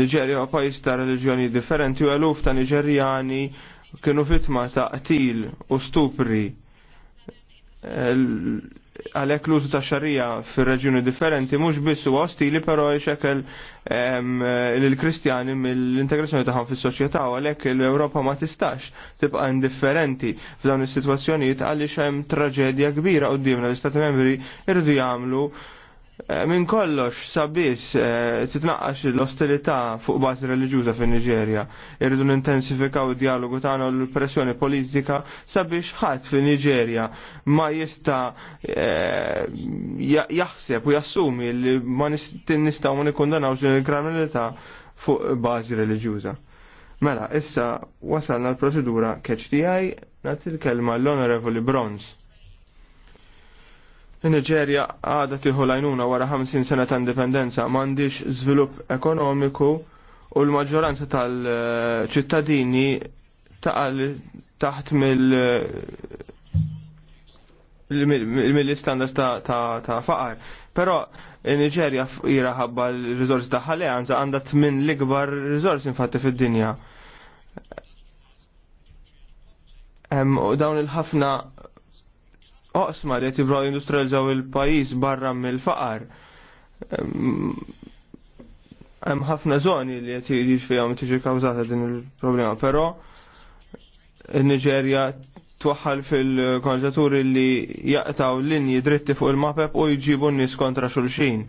[SPEAKER 1] Nigeria huwa pajjiż ta' reliġjoni differenti u eluf ta' Niġerjani kienu vittma ta' qtil u stupri għalhekk l-użu ta' xarija fir-reġjuni differenti mhux biss huwa ostili però jxekel lill-Kristjani mill-integrazzjoni taħan fis-soċjetà u għalhekk l-Ewropa ma tistax tibqa' indifferenti f'dawn is-sitwazzjonijiet għaliex hemm traġedja kbira d-dimna l-Istati Membri jridu jagħmlu Eh, Min kollox sabiex eh, titnaqqax l-ostilità fuq bażi reliġjuża fin niġerja Irridu nintensifikaw id-dialogu tagħna u l-pressjoni politika sabiex ħadd fin niġerja ma jista' eh, jaħseb u jassumi li ma nistgħu ma nikundanawx il-kriminalità fuq bażi reliġjuża. Mela, issa wasalna l-proċedura catch eye, nagħti l-kelma l-Onorevoli Bronze. Nigeria għada tiħu lajnuna wara 50 sena ta' indipendenza m'għandix żvilupp ekonomiku u l-maġġoranza tal-ċittadini taqal taħt mill standards istandards ta' faqar. Però Nigeria ira ħabba l ta' daħħalija għanza għandha tmin l-ikbar rizorsi infatti fid-dinja. Dawn il-ħafna oqsma li jtibraw industrializzaw il-pajis barra mill-faqar. Hemm ħafna zoni li qed jiġi fihom tiġi kawżata din il-problema, però in-Niġerja twaħħal fil-konġaturi li jaqtaw linji dritti fuq il-mapep u jġibu n-nis kontra xulxin.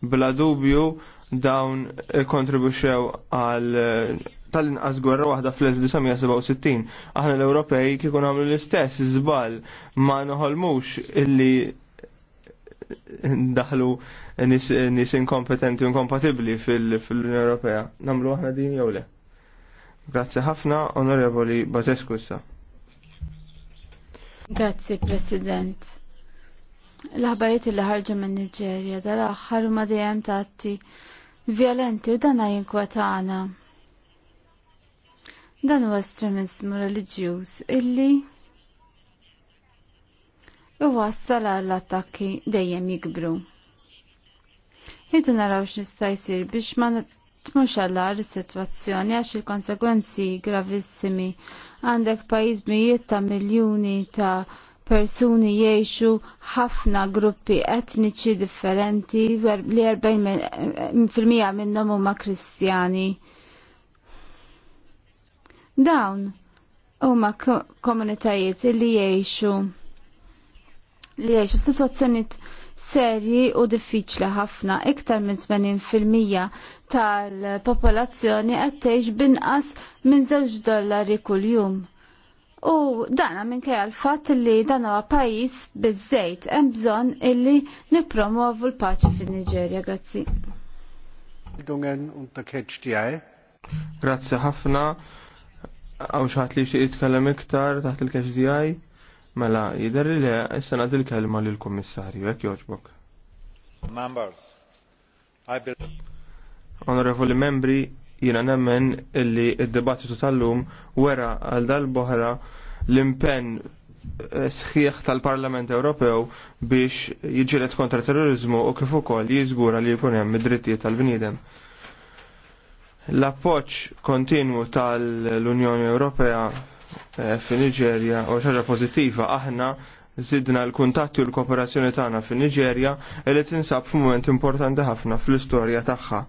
[SPEAKER 1] Bla dubju dawn kontribuxew għal tal-inqas gwerra waħda fl-1967. Aħna l-Ewropej kikun għamlu l-istess, zbal ma noħolmux illi daħlu nis inkompetenti u inkompatibli fil-Unjoni Ewropea. Namlu aħna din jew le. Grazzi ħafna, onorevoli Bazescu issa.
[SPEAKER 3] Grazzi, President. L-ħabariet li ħarġu minn Niġerja dal-aħħar ma dejjem tatti violenti u dana jinkwetana Dan huwa estremismu reliġjuż illi iwassal għall attakki dejjem jikbru. Jidu naraw x'nista' jsir biex ma tmux għallar is-sitwazzjoni għax il-konsegwenzi gravissimi għandek pajjiż mijiet ta' miljuni ta' persuni jiexu ħafna gruppi etniċi differenti li 40% minnhom huma Kristjani. Dawn huma komunitajiet li jgħixu li jgħixu f'sitwazzjonijiet serji u diffiċli ħafna iktar minn 80% tal-popolazzjoni qed tgħix binqas minn żewġ dollari kuljum. U dana minn kaj għal-fat li dan huwa pajis bizzejt hemm bżonn illi nippromovu l-paċi fin-Niġerja. Grazzi.
[SPEAKER 1] Grazzi ħafna. Għaw xaħat li xie jitkellem iktar taħt il-KHDI, mela jider li le, issa nad il-kelma li l-Kommissarju, jek joġbok. Members, Onorevoli membri, jina nemmen illi id-dibattitu tal-lum wera għal dal-boħra l-impenn eh, sħiħ tal-Parlament Ewropew biex jiġilet kontra terrorizmu u kif ukoll jiżgura li jkun hemm id-drittijiet tal-bniedem. L-appoċ kontinwu tal-Unjoni Ewropea eh, fil niġerja u xaġa pozittiva aħna zidna l-kuntatti u l-kooperazzjoni tagħna fin-Niġerja li tinsab f'mument importanti ħafna fl-istorja tagħha.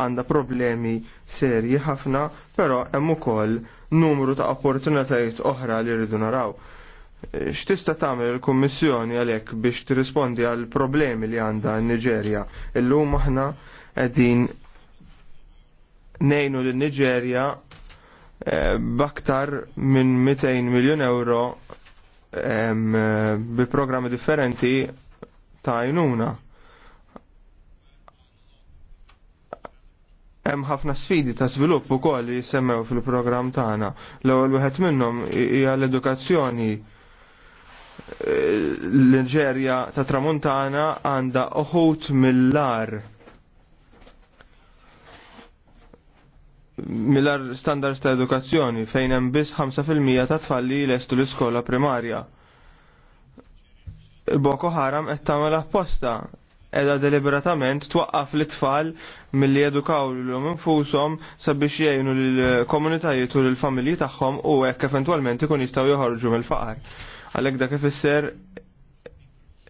[SPEAKER 1] Għandha problemi serji ħafna, però hemm ukoll numru ta' opportunitajiet oħra li rridu naraw. Eh, x'tista' tagħmel il-Kummissjoni għalhekk biex tirrispondi għal problemi li għandha n-Niġerja. Illum aħna qegħdin nejnu l niġerja eh, baktar minn 200 miljon euro eh, bi programmi differenti ta' jnuna. Hemm ħafna sfidi ta' svilupp ukoll li semmew fil-programm tagħna. L-ewwel wieħed minnhom hija l-edukazzjoni. Eh, L-Niġerja ta' Tramuntana għandha oħut mill-lar milar standards ta' edukazzjoni fejn hemm biss 5% ta' tfalli lestu l-iskola primarja. Boko Haram qed tagħmel apposta edha deliberatament twaqqaf l-tfal milli edukaw l-lum infusom sabiex jgħinu l-komunitajiet u l-familji tagħhom u hekk eventwalment ikun jistgħu joħorġu mill-faqar. Għalhekk dak ifisser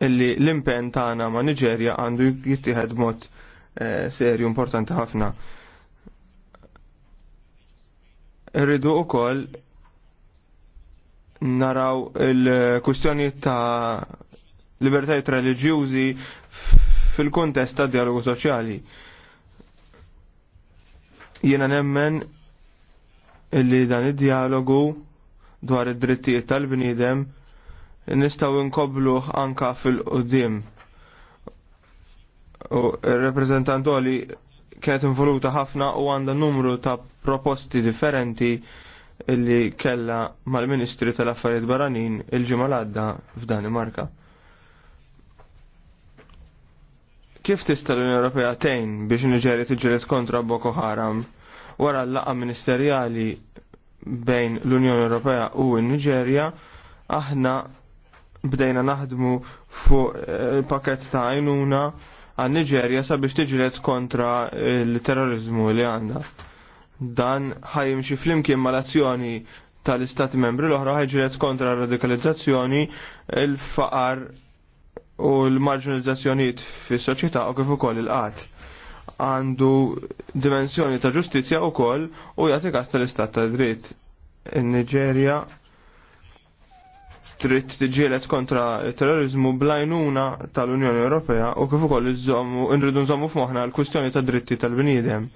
[SPEAKER 1] illi l-impenn tagħna ma' Niġerja għandu jittieħed mod eh, serju importanti ħafna. Rridu wkoll naraw il-kustjoni ta' libertajiet reliġjużi fil-kontest ta' dialogu soċjali. Jiena nemmen illi dan id-dialogu dwar id-drittijiet tal-bniedem nistgħu inkoblu anka fil-qudiem. U il reprezentant kienet involuta ħafna u għandha numru ta' proposti differenti li kella mal-Ministri tal-Affarijiet Barranin il-ġimgħa l-għadda f'Danimarka. Kif tista' l-Unjoni Ewropea tgħin biex Niġerja tiġġieled kontra Boko Haram wara l-laqgħa ministerjali bejn l-Unjoni Ewropea u n-Niġerja aħna bdejna naħdmu fuq eh, il-pakett ta' għajnuna għan Niġerja sabiex tiġret kontra l-terrorizmu li għandha. Dan ħajimxi flimkien mal-azzjoni tal-istati membri l-oħra ħajġret kontra radikalizzazzjoni, il-faqar u l-marginalizzazzjoniet fis soċjetà u kif ukoll il-qat. Għandu dimensjoni ta' ġustizzja u koll u jagħti kas tal-istat ta' dritt. In-Niġerja trid tiġielet kontra terrorizmu blajnuna tal-Unjoni Ewropea u kif ukoll iżommu nridu nżommu f'moħħna l-kwistjoni ta' dritti tal-bniedem.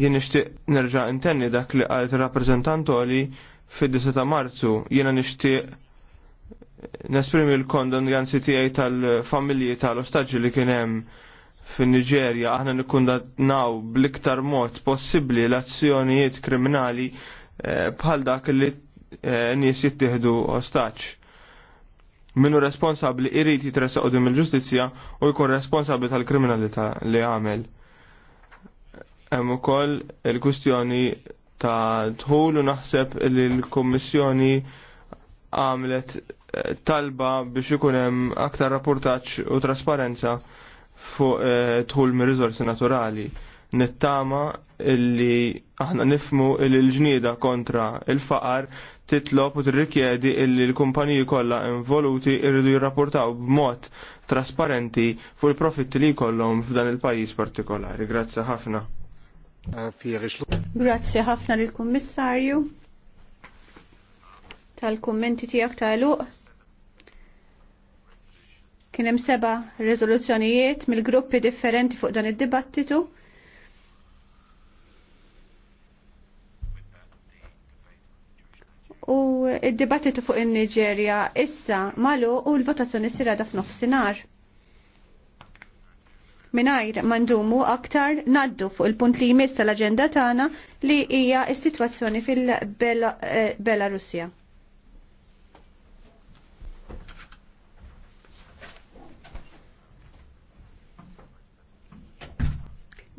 [SPEAKER 1] Jien nixtieq nerġa' intenni dak li qalt rappreżentantoli fid 10 ta' Marzu jiena nixtieq nesprimi l-kondonjanzi tiegħi tal-familji tal-ostaġġi li kien hemm fin-Niġerja aħna nikkundannaw bl-iktar mod possibbli l-azzjonijiet kriminali eh, bħal dak li Eh, nies jittieħdu ostaċ. Minnu responsabli irrit jitressaq qudiem il-ġustizzja u jkun responsabli tal-kriminalità li għamel. Hemm ukoll il kustjoni ta' dħul u naħseb li l-Kummissjoni għamlet eh, talba biex ikun hemm aktar rapportaġġ u trasparenza fuq eh, dħul mir riżorsi naturali. Nittama illi aħna nifmu il-ġnida ġnieda kontra il-faqar titlob u tirrikjedi illi l-kumpaniji kollha involuti irridu jirrapportaw b'mod trasparenti fuq il-profitti li jkollhom f'dan il-pajjiż partikolari. Grazzi ħafna.
[SPEAKER 2] Grazzi ħafna lill kummissarju tal-kummenti tiegħek tagħluq. Kien hemm seba' riżoluzzjonijiet mill-gruppi differenti fuq dan id-dibattitu. u id-dibattitu fuq in nigeria issa malu u l-votazzjoni sira da f'nofsinhar. Minajr mandumu aktar naddu fuq il-punt li jmiss tal-agenda tagħna li hija s-sitwazzjoni fil-Belarusja. Eh,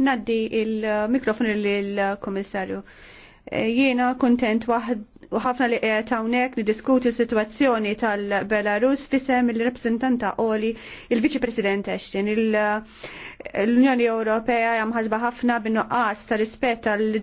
[SPEAKER 2] Naddi il-mikrofon lill-Komissarju. Eh, jiena kontent waħd u ħafna li qiegħed hawnhekk niddiskuti s-sitwazzjoni tal-Belarus fisem il-rappreżentanta Oli il-Viċi President Ashton. L-Unjoni Ewropea hija mħasba ħafna bin-nuqqas ta' rispett tal